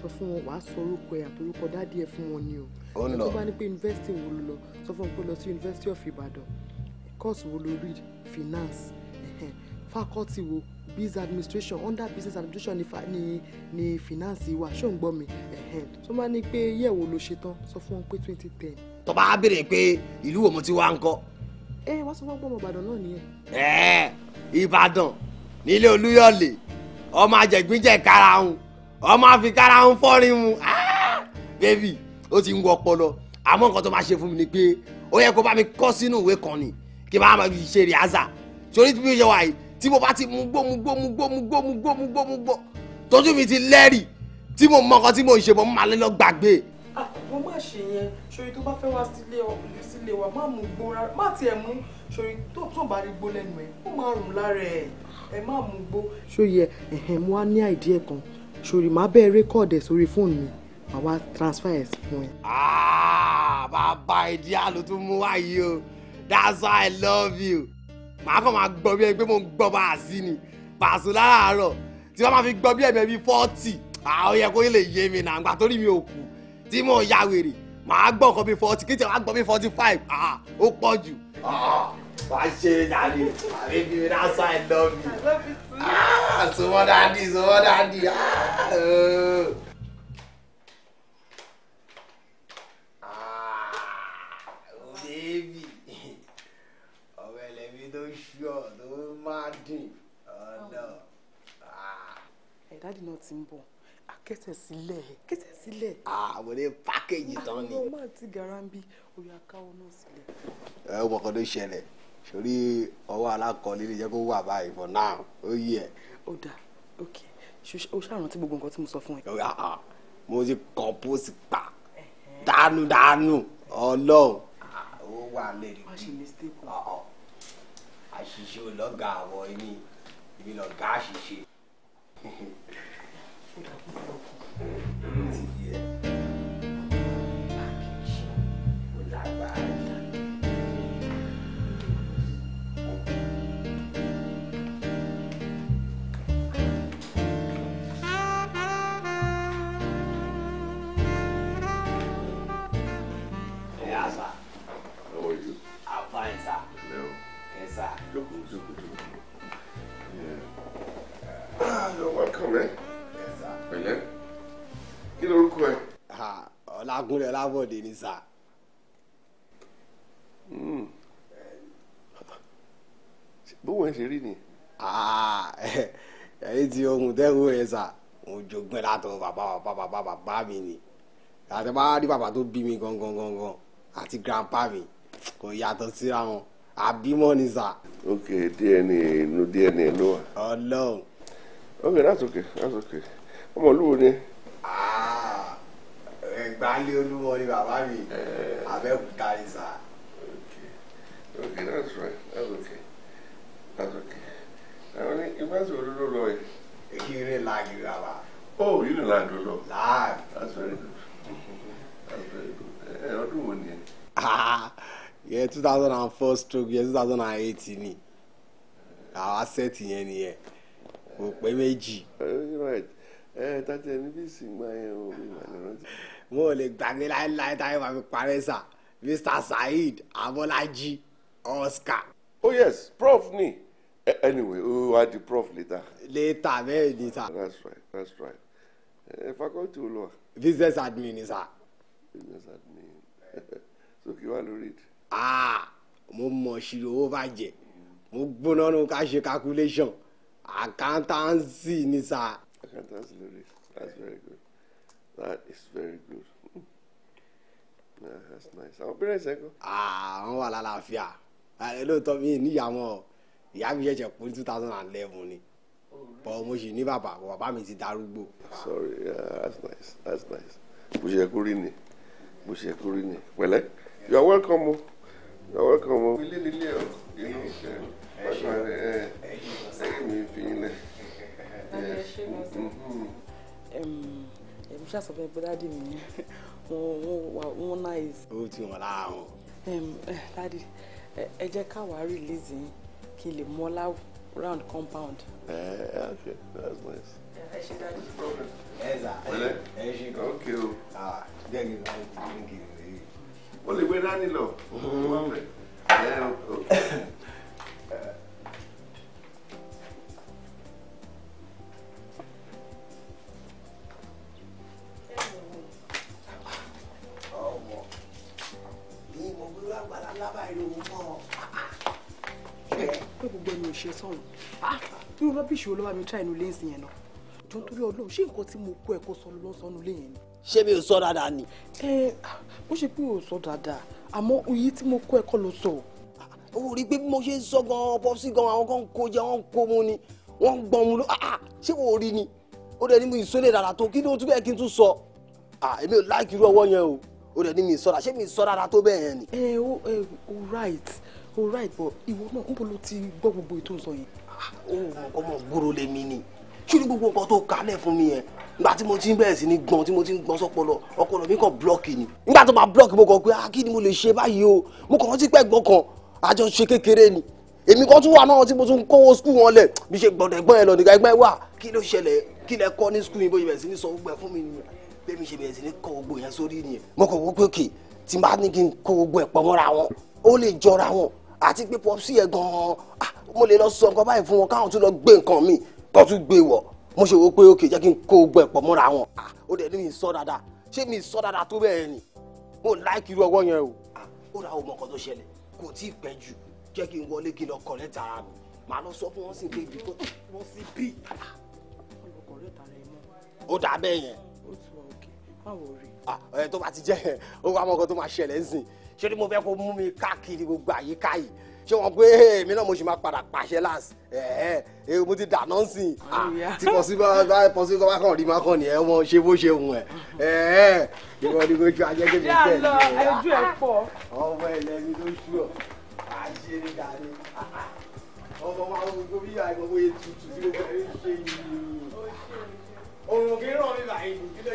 Speaker 2: so sọ fún wọn wàá sọ orúkọ ẹ àtòrúkọ dádì ẹ fún wọn ni o. ó ń lọ tó bá ní pé yunifásitì wo ló lọ sọ fún wọn pé lọ sí yunifásitì of Ìbàdàn course wo ló read finance faculty wo biz administration under business administration ni fa ni ni finance wa ṣó ń gbọ́ mi So bá ní pé yẹ̀wò ló ṣe tán
Speaker 3: sọ fún wọn pé twenty ten tó bá béèrè pé ìlú wo mo ti wá ń kọ́.
Speaker 2: ẹ wá sọ fún ọmọ ìbàdàn náà nìyẹn.
Speaker 3: ẹ ìbàdàn nílé olúyọ̀lé ọmọ àjẹgbínjẹ karahun ọmọ àfi karahun fọ́rin mu ah, bébì ó ti ń wọ ọpọlọ àmọ́ nǹkan tó máa ṣe fún mi ni pé ó yẹ kó bá mi kọ́ sínú ìwé kan ni kí n bá máa ṣe rìhásà torí bí mo ṣe wà yìí tí mo bá ti mú gbó mú gbó mú gbó mú gbó mú gbó mú gbó tójú mi ti lẹ́rìí tí mo mọ nǹkan tí mo ń ṣe mo máa lé lọ gbàgbé
Speaker 2: wọ́n má ṣe yẹn ṣòrí tó bá fẹ́ wá sílé wa má mú gbó rárá má tiẹ̀ mú ṣòrí tó tó bá rí gbó lẹ́nu ẹ̀ ó máa rùn lára ẹ̀ ẹ má mú gbó. ṣòye ẹ̀hẹ̀n mo á ní àìdí ẹ̀ kan ṣòrí má bẹ́ẹ̀ rékọ́ọ̀dẹ̀ sórí fóònù mi màá wá transfer
Speaker 3: ẹ̀ fún ẹ. Ah, bàbá ìdí àlò tó mú wá yìí o that's why i love you màá kàn máa gbọ́ bí ẹni pé mo ń gbọ́ bá a sí ni pàṣẹ láàárọ̀ tí wọ́n máa fi gbọ́ bí ẹ̀mí ẹbí fọ́ọ̀tì àwọn ah, yẹ kó lè yé mi nà torí mi ò kù tí mo ya wèrè màá gbọ́ nǹkan bíi forty kìtì wàá gbọ́ bíi forty five ah, ó pọ̀ jù. Ah, wàá ṣe ìdàlẹ̀ àbẹ́bí that's why I love you sọmọ dadi sọmọ dadi. Sure, don't mind him. Oh no.
Speaker 2: Ah. Hey, daddy, not simple kẹsẹ̀ sílẹ̀ kẹsẹ̀ sílẹ̀.
Speaker 3: àwọn ah, ní pákéjì ah, tán ni. àwọn
Speaker 2: ọmọ àti garambi òyà káwọn náà sílẹ̀.
Speaker 3: ẹ ó mọ̀kàn tó ṣẹlẹ̀ sórí ọwọ́ alákọ̀ọ́lé lè jẹ́ kó wà báyìí for now ó yẹ. ó dà ok o ṣàrántí gbogbo nǹkan tí mo sọ fún ẹ. Ah, mo ti compose pa dánúdánú ọlọ́run ó wà lẹ́nu bí àṣìṣe ò lọ́gàá àwọn ẹni ìbí lọ́gàá àṣìṣe. Yeah, Bye. Ọlágúnlé Ọlábọ̀dé ni sà. Hmm. bóun ẹ ṣe rí ni. Ah, ẹ̀yin ti ohun tẹ́wọ́ yẹn sà mo jogún ẹ̀ látọ̀ bàbá bàbá bàbá bàbá mi ni àti bá rí bàbá tó bí mi gangan gangan àti grandpa mi kò yàtọ̀ síra wọn
Speaker 4: àbímọ ni sà. ok DNA inú DNA ló wà. Ọlọ́run. ok that's okay that's ok, ọmọ olúwo ni. Ah.
Speaker 3: ẹgbàálé olúmọ ni bàbá mi eh. abẹ́òkúta ni that's
Speaker 4: right that's oh, ni
Speaker 3: yẹ eh, two thousand and four stroke yẹ two thousand and eight ni àwọn asẹ́ẹ̀tì yẹn nìyẹn kò pé méjì. Eh, wọn ò lè gbàgbé láéláé táyé máa fi parẹ́ sà Mr. Saheed Abọ́lájí
Speaker 4: Oscar. oh yes prof ni eh, anyway o wa di prof later. later bẹ́ẹ̀ ni sà. that's right that's right ẹ eh, faculty wo ló business admin ni business admin so kí wàá lórí it. ah mo mọ̀
Speaker 3: ṣírò owó bàjẹ́ mo gbóná nu ká ṣe calculation accountancy
Speaker 4: ni sà. accountancy lórí that's very good. That is very good. Hmm. Yeah, that's nice. Àwọn parents ẹ kọ́. Àwọn wà lálàáfíà.
Speaker 3: Lóòótọ́ mi níyà wọn ìyá mi ṣẹ̀ṣẹ̀ kú ní two thousand and eleven ni. Bọ̀ mo sì ní bàbá bàbá mi ti darúgbó.
Speaker 4: Sorry, that's nice, that's nice. Bó ṣe kú rí ni, bó ṣe kú rí ni. Pẹ̀lẹ́, you are welcome o, you are welcome o. Ilé nílé o, inú ṣe pàṣẹ ẹ eh, eh, ẹ mi fi ilẹ̀.
Speaker 1: Ẹ ṣe mọ̀ sí
Speaker 2: mo ṣàṣọ fún ẹ pé dáàdì mi wọ́n náìs. ó ti wọn lára wọn. Eh, dáàdì ẹ jẹ́ káwa release yín kí n lè mú ọlá round compound.
Speaker 4: ẹ eh, ẹ eh, that's nice. ẹ ṣe dáàdì. ẹ ṣe ẹ ṣe kan. ok o. jẹ́ kí n láyé kiri rèé. ó lè gbé dání lọ. ó wá fẹ́. ẹ
Speaker 2: ṣe sọ̀hún ah irú rọ́bìṣì olówó mi tra inú ilé ìsìn yẹn náà jọ nítorí ọlọ́run ṣé nǹkan tí mo kó ẹ̀kọ́ sọ ló sọnù ilé yẹn ni.
Speaker 3: ṣé mi ò sọ dáadáa ni.
Speaker 2: ẹ bó ṣe pé ò sọ dáadáa àmọ́ iye tí mo kó ẹ̀kọ́ ló sọ. ó
Speaker 3: ah, rí i pé bí mo ṣe ń sọ gan ọ̀pọ̀ sí gan àwọn kan ń kó jẹ wọn ń kó mu ni wọn ń gbọ̀n mu ló ah, ah, ṣé wò ó rí ni ó dẹ̀ ní mi ìsọlẹ̀ dáadáa tó kí ló tún bẹ́ẹ̀ kí n tún sọ èmi ò láìkì irú ọwọ́ yẹn o ó dẹ̀ ní mi ìsọ̀rọ̀ ṣé mi ìsọ̀rọ̀ dáadáa tó bẹ́ẹ̀ yẹn ni. ẹ ó right
Speaker 1: o
Speaker 2: right but ìwọ náà níbo ló ti gbọ́ gbogbo ètò ìsọ yẹn.
Speaker 3: ọmọ gbòòrò lèmi ni ṣé ní gbogbo nǹkan tó kalẹ̀ fún mi yẹn nígbà tí mo ti ń bẹ̀rẹ̀ sí ní gbọ́n tí mo ti ń gbọ́n sọ́pọlọ ọpọlọ mi kàn blọ́ọ̀kì ni nígbà tó máa blọ́ọ̀kì mo kàn pé ah kí ni mo lè ṣe báyìí o mo kàn rántí pẹ́ gbọ́n kan àjọṣe kékeré ni èmi kan tún wà náà tí mo tún kówó skul wọn lẹ̀ bí ṣe gbọ́dọ̀ ẹ̀gbọ́n yẹn lọ nígbà ẹgbẹ́ wà kí ló ṣẹlẹ̀ kí lẹ kọ́ ní skul yìí bó ṣe bẹ̀rẹ̀ sí ní sọ gbogbo ẹ̀ fún mi nìyẹn bẹ́ẹ̀ mi ṣe bẹ̀rẹ̀ sí ní kọ́ gbogbo yẹn sórí nìyẹn mo kàn wọ́n pé òkè tí n bá àti pé pọ́psì yẹn gan-an ah, mo lè lọ sọ nǹkan báyìí fún wọn káwọn tún lọ gbé nǹkan mi kó tún gbé wọ̀ mo ṣe wo pé ok jẹ́ kí n kó gbọ́ ẹ̀pọ̀ mọ́ra wọn ah, ó dẹ̀ ní mi sọ dáadáa ṣé mi sọ dáadáa tó bẹ́ẹ̀ ni mo láìkì irú ọwọ́ yẹn o ah, ó ra ọmọ kan tó ṣẹlẹ̀ kò tí ì pẹ́ jù jẹ́ kí n wọlé kí n lọ kọ̀ lẹ́tà ara mi màá lọ sọ fún wọn sí kébì kó wọn sí bí. ó dà bẹ́ẹ̀ yẹn. ó ti wọ òkè báwo rí. ẹ tó bá ti jẹ́ ó wá ọmọ kan tó máa ṣẹlẹ̀ ń sìn ṣé ni mo fẹ́ kó mú mi káàkiri gbogbo àyíká yìí ṣé wọn pé èmi náà mo ṣì máa padà pàṣẹ láàsì ẹ ẹ mo ti dáná sí i ah, tí kò sí bá pọ̀ sí kọ́ bá kàn rí má kàn ní ẹ wọn ṣe bó ṣe hùn ẹ ẹ ẹ ìwọ ni mo ju ajẹ́gẹ́ mi bẹ́ẹ̀ ni ẹ ràn mí báyìí kí ló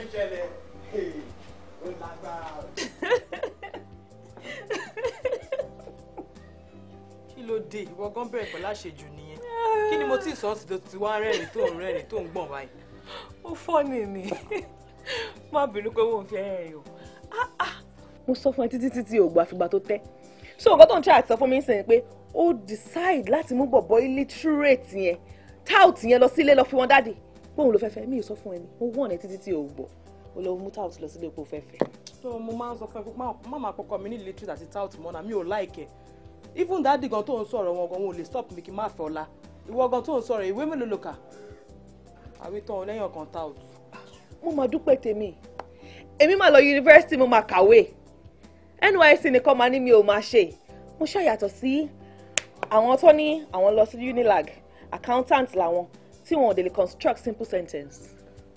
Speaker 3: ń ṣẹlẹ̀ ó lágbára.
Speaker 2: kí ló dé ìwọ gan bẹ̀rẹ̀ pẹ̀lú àṣejù nìyẹn kí ni mo ti sọ ọ́sì tó ti wá rẹ́rìn tó ń rẹ́rìn tó ń gbọ̀n báyìí. ó fọ́ọ̀nì ni má bínú pé mo fi ẹ̀rìn o. Ah, ah. mo sọ fún ẹ títí títí ògbà àfìgbà tó tẹ́ so nǹkan tó ń ṣe àtọ fún mi ń sìn pé ó decide láti mú bọ̀bọ̀ illiterate yẹn tout yẹn lọ sílé lọ fi wọn dáde bóun ló fẹ́ fẹ́ mi ò sọ fún ẹ ni mo wọ̀n ẹ títí tí ò gbọ́ ó lọ mú tout lọ sílé epo fẹ́fẹ́. so mo máa ń sọ fún ẹ pé má kọkọ mi ní literature àti tout mọ́ náà mi ò láìkẹ́ even dáàdì gan tó ń sọ̀rọ̀ wọn gan wọn ò lè stop mi kí n má fẹ́ ọ̀la ìwọ gan tó ń sọ̀rọ̀ ìwé mélòó ló kà àwí tán ọ lẹ́yìn ọkàn tout. mo máa dúpẹ́ tèmi èmi máa lọ yunifásitì mo máa kàwé NYSC nìkan máa ní mi ò máa ṣe mo ṣàyàtọ̀ sí àwọn tó ní àwọn lọ sí Unilag accountant làwọn tí wọn ò dé lè construct simple sentence.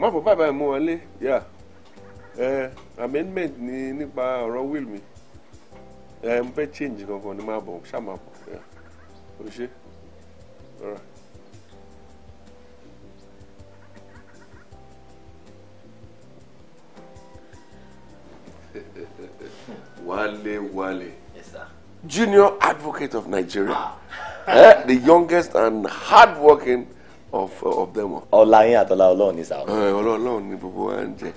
Speaker 4: má fọ bàbá ẹ̀ mú wọn ẹ amendment ni nípa ọ̀rọ̀ will mi ẹ n fẹ́ change kankan ni máa bọ̀ ṣáà máa bọ̀ yà o ṣe ọ̀rọ̀. Wale Wale. Yes, sir. Junior advocate of Nigeria. eh, the youngest and hardworking of of them. ọlá yín àtọlá Ọlọ́run ní sàwọn. Eh, Ọlọ́run ní gbogbo wa ń jẹ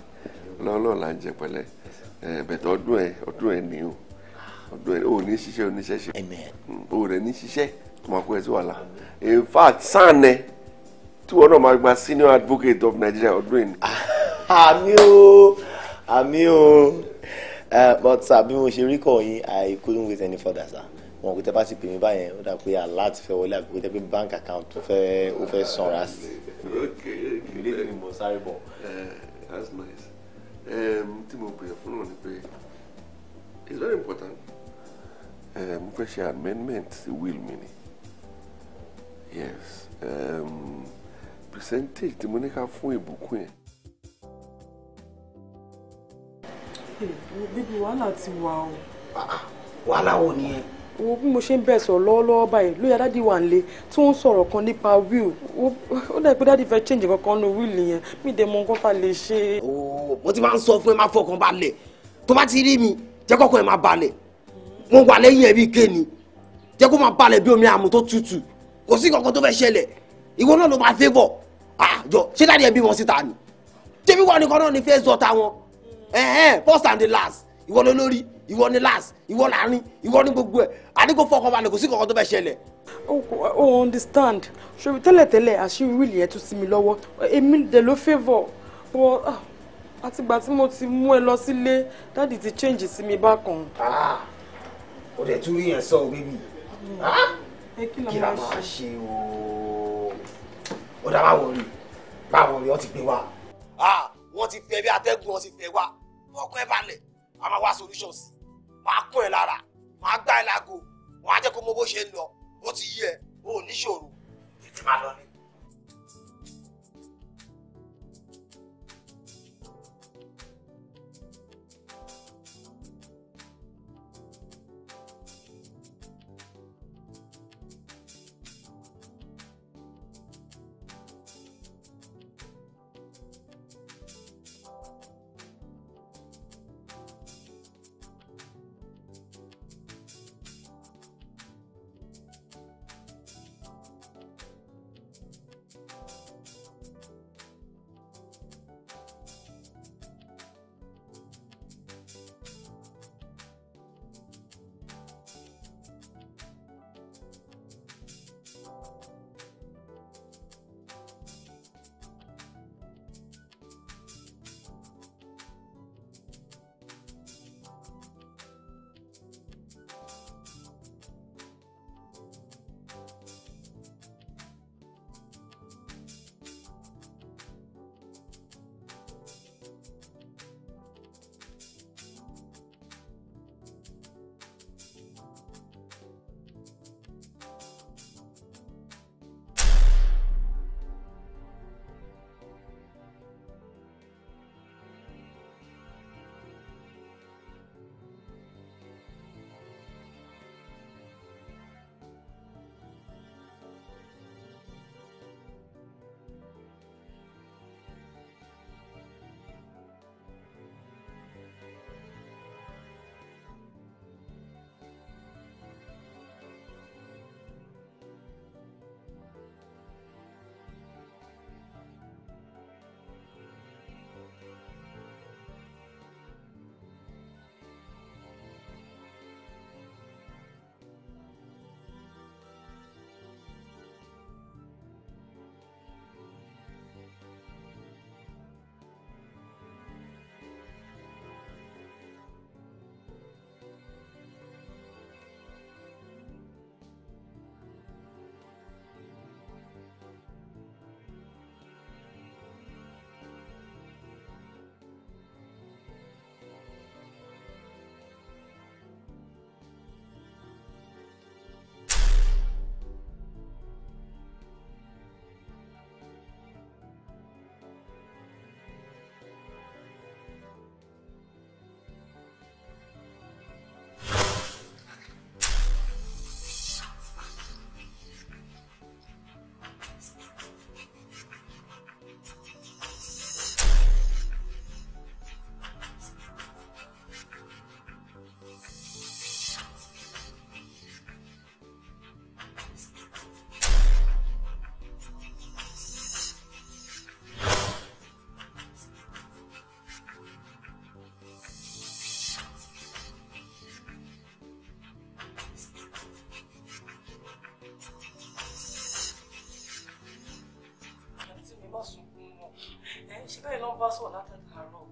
Speaker 4: Ọlọ́run là ń jẹ pẹ̀lẹ́ eh, bẹ̀tẹ̀ ọdún ẹ ọdún ẹ ní o ọdún ẹ ò ní ṣiṣẹ́ oníṣẹ́ṣe o rẹ̀ ní ṣiṣẹ́ tọmọkú ẹ tí wà lá in fact sàn ẹ tí wọn náà máa gba senior advocate of Nigeria ọdún ẹ ní. àmì o àmì o
Speaker 3: eh, but sir mo ṣe rí kọ́ yín I couldn't wait any further sir wọn kò tẹ bá ti pè mí báyẹn ó dà pé alert fẹ́ wọlé àbí kò tẹ pé bank account tó fẹ́ ó fẹ́ sanra sí
Speaker 4: i ilé ni mo sáré bọ̀. Eh, that's nice tí mo pè é fún wọn ni pé it's very important mo fẹ́ ṣe amendment sí will mi ni yes um, percentage tí mo ní ká fún ìbùkún yẹn
Speaker 1: hmm,
Speaker 2: bíbí wàhálà ti wà o. Ah,
Speaker 4: wàhálà wo nìyẹn
Speaker 2: wo bí mo ṣe ń bẹ̀rẹ̀ lọ́wọ́lọ́wọ́ báyìí lóyè dádì wà nílé tí wọ́n ń sọ̀rọ̀ kan nípa will ó dà pé dádì fẹ́ change kankan
Speaker 3: nu will yẹn mí dẹ̀ nǹkan tá lè ṣe. mo ti máa ń sọ fún ẹ máa fọkàn balẹ̀ tó bá ti rí mi jẹ́ kọ́kọ́ ẹ máa balẹ̀ mo wà lẹ́yìn ẹ bí kéènì jẹ́ kó máa balẹ̀ bí omi àmú tó tutù kò sí kankan tó fẹ́ ṣẹlẹ̀ ìwọ náà ló máa favour àjọ ṣé dádì ẹ bí ìwọ ni last ìwọ láàrin ìwọ ni gbogbo ẹ àdínkù fọkàn balẹ̀ kò sí kankan tó fẹ́ ṣẹlẹ̀.
Speaker 2: o understand ṣòwò tẹ́lẹ̀tẹ́lẹ̀ àṣírí wíìlì yẹn tún sí mi lọ́wọ́ èmi dẹ̀ ló favour wọ ah, àtìgbà tí mo ti mú ẹ lọ sílé dáàdì ti change sí mi bákan. Ah,
Speaker 3: o dẹ̀ tún rí yẹn sọ o bébì
Speaker 2: ah, kí la máa
Speaker 3: ṣe o ó dá báwo rí báwo rí ọ ti gbé wa. wọ́n ti fẹ́ bí atẹ́gùn wọ́n ti fẹ́ wá fọ́kàn ẹ̀ balẹ̀ a máa wá solutions máa kún ẹ lára máa gbá ẹ lágo máa jẹ́ kó mọ bó ṣe ń lọ ó ti yí ẹ o ò níṣòro ètè lọ ní.
Speaker 2: She got a ṣe bẹ́ẹ̀ lọ́n bá sọ̀rọ̀ látàtàárọ̀.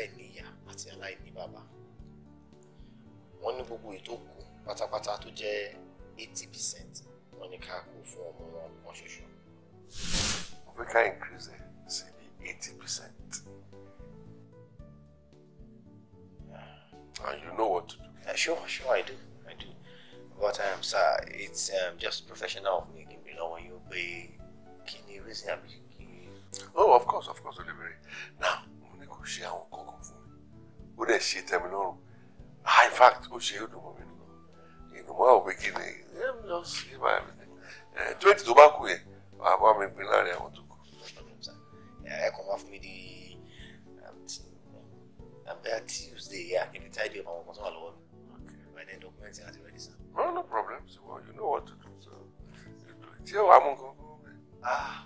Speaker 3: aláìní ìyá àti aláìní bàbá wọ́n ní gbogbo ètò kù pátápátá tó jẹ́ eighty percent wọ́n ní ká kó fún ọmọ
Speaker 4: wọn kan ṣoṣo. we can increase it sí bí eighty percent and you know what to do. Uh,
Speaker 3: sure sure I do I do but um, sir it's um, just professional of me kí n bí lọ́wọ́
Speaker 4: yóò pé kí ni reason àbí oh of course of course olùbẹ̀rẹ̀ now mo ní kò ṣe àwọn kan dẹ̀ ṣe tẹ̀mí lọ́rùn ah, in fact ó ṣe ìdùnnú mi nù ìdùnnú àwọn pé kí ni let me just see my everything twenty tó bá kù yẹn wàá bá mi gbin láàrin àwọn tó kù.
Speaker 3: ẹ kàn máa fún mi di um, um, abẹ́ Tuesday akéde tidy up
Speaker 4: no no problem so well, you know what to do so you do it. ṣé wàá mú nǹkan kúrò bẹ́ẹ̀. ah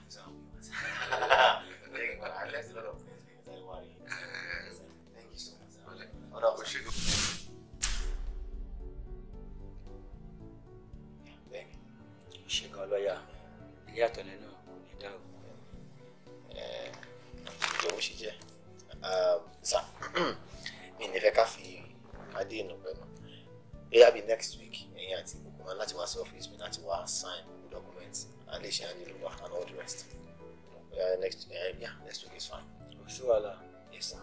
Speaker 4: thank you i learned a lot of
Speaker 3: ọ̀dà kò ṣe gan. bẹ́ẹ̀ni ó ṣe gan lọ́ọ̀yà ilé àtọ̀lẹ́ náà kò ní dá o. ìjọ bó ṣe jẹ́ sà mi ní fẹ́ ká fi adé ìnàpẹ̀nu bóyá bíi next week ẹ̀yin àti gbogbo wọn láti wá sí ọ́fíìsì mi láti wá sign documents and lè ṣe ànílò work and all the rest. Uh, next, uh, yeah, next week is fine. Inshallah. Yes, sir.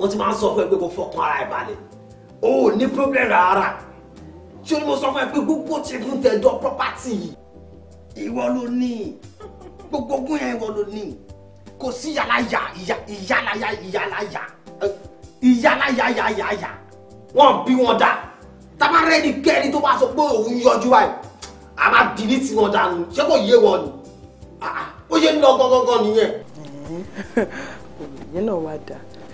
Speaker 3: wọ́n ti máa ń sọ fún ẹ pé kó fọkàn ara ẹ balẹ̀ o ò ní problem rárá ṣé ni mo sọ fún ẹ pé gbogbo ti fún tẹjọ property yìí ìwọ ló ní gbogbo ogún yẹn ìwọ ló ní kò sí yàláyà ìyàláyà ìyàláyà ìyàláyàyàyà wọn bí wọn dá tabarẹ́ni kẹ́ni tó bá sọ pé òun yọjú báyìí a máa dìlítì wọn dànù ṣé kò yé wọn ni ah, ah. ó ṣe ń lọ gangan nìyẹn.
Speaker 2: ìyẹn náà wá dáa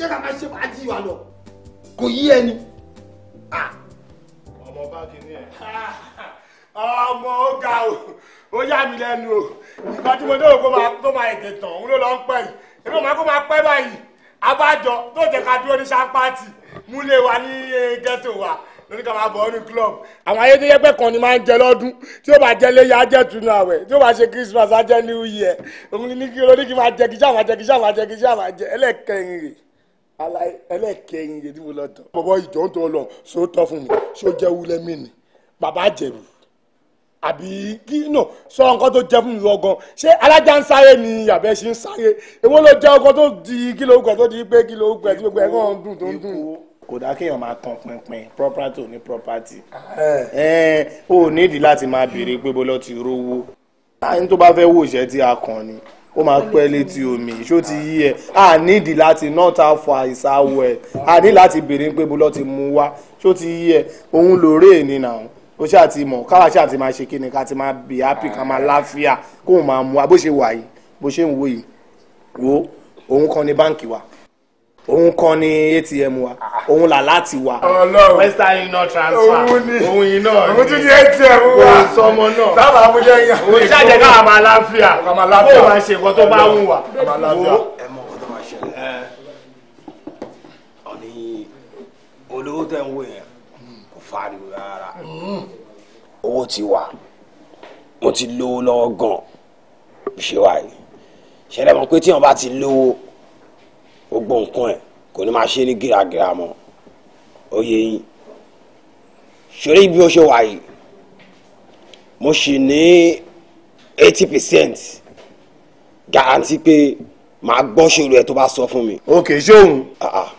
Speaker 3: jẹ́ ká máa ṣe fàájì wa lọ kò yí ẹni. Ah. ọmọ báàgì ni ẹ. ọmọ ó ga o ó yà mí lẹ́nu o ìgbà tí mo dé òkú tó máa ètè tán òun ló lọ ń pẹ́ yìí èmi ò máa kó máa pẹ́ báyìí abájọ tó jẹ́ ká dúró ní sápáàtì múlé wa ní eh, ghetto wa lórí máa bọ̀ ní club. àwọn ayédèyẹ kan ni máa ń jẹ lọ́dún tí ó bá jẹ léyà á jẹ tunu àwẹ̀ tí ó bá ṣe christmas á jẹ new year òun ni kí lórí máa jẹ kí sáà máa jẹ kí sáà máa jẹ kí sáà máa jẹ ẹlẹ́kẹ̀rin rèé ẹlẹ́kẹ̀yìn yẹn tí mo lọ tọ̀. bọ̀bọ̀ ìjọ tó lọ so tọ́ fún mi so jẹ́ wúlẹ́ mi ni bàbá jẹ̀bù àbí kí nà sọ nǹkan tó jẹ́ fún mi ọgàn ṣé alájà ń sáré ni àbẹ́ ṣe ń sáré èwo ló jẹ́ ọgàn tó di kí ló gbẹ tó di pé kí ló gbẹ tí gbogbo ẹ̀ ń dùn tó ń dùn. kò dáa kéèyàn máa tan pinpin property ò ní property ó nídìí láti máa béèrè pé bọ́lá ti rówó. láyé tó bá fẹ́ wò iṣẹ́ tí a kàn ni ó máa pẹ́ létí omi ṣó ti yí ẹ a nídìí láti not how far is how well a ní láti béèrè pé bọ́lọ́ ti mú wá ṣó ti yí ẹ òun lóore ní nàá ó ṣáà ti mọ̀ káwa ṣáà ti máa ṣe kí ni ká ti máa bì happy ká máa láfíà kóun máa mú wa bó ṣe wà yìí bó ṣe ń wò yìí wo òun kan ní báǹkì wa òun kọ́ ni atm wa òun là láti wà western iná transfer òun iná ni òun tún ní atm wa òun sọmọ náà dábàá amúṣe yẹn òun ṣàjẹ káwa máa láfíà bó máa ṣe nǹkan tó bá wù wá wo. ẹ mọ ọkọ tó máa ṣẹlẹ̀ ọ̀ní olówó tẹ̀ ń wò yẹn kò fariwo rárá owó ti wà mo ti lówó lọ́wọ́ gan-an ṣé wáyé ṣẹlẹ̀ mọ̀ pé tí wọ́n bá ti lówó gbogbo nǹkan ẹ̀ kò ní máa ṣe ní gíragíra mọ́ oyè yín ṣorí bí ó ṣe wà yìí mo sì ní eighty percent garanti pé màá gbọ́ ṣòro ẹ tó bá sọ fún mi. ok ṣóhun. Ah, ah.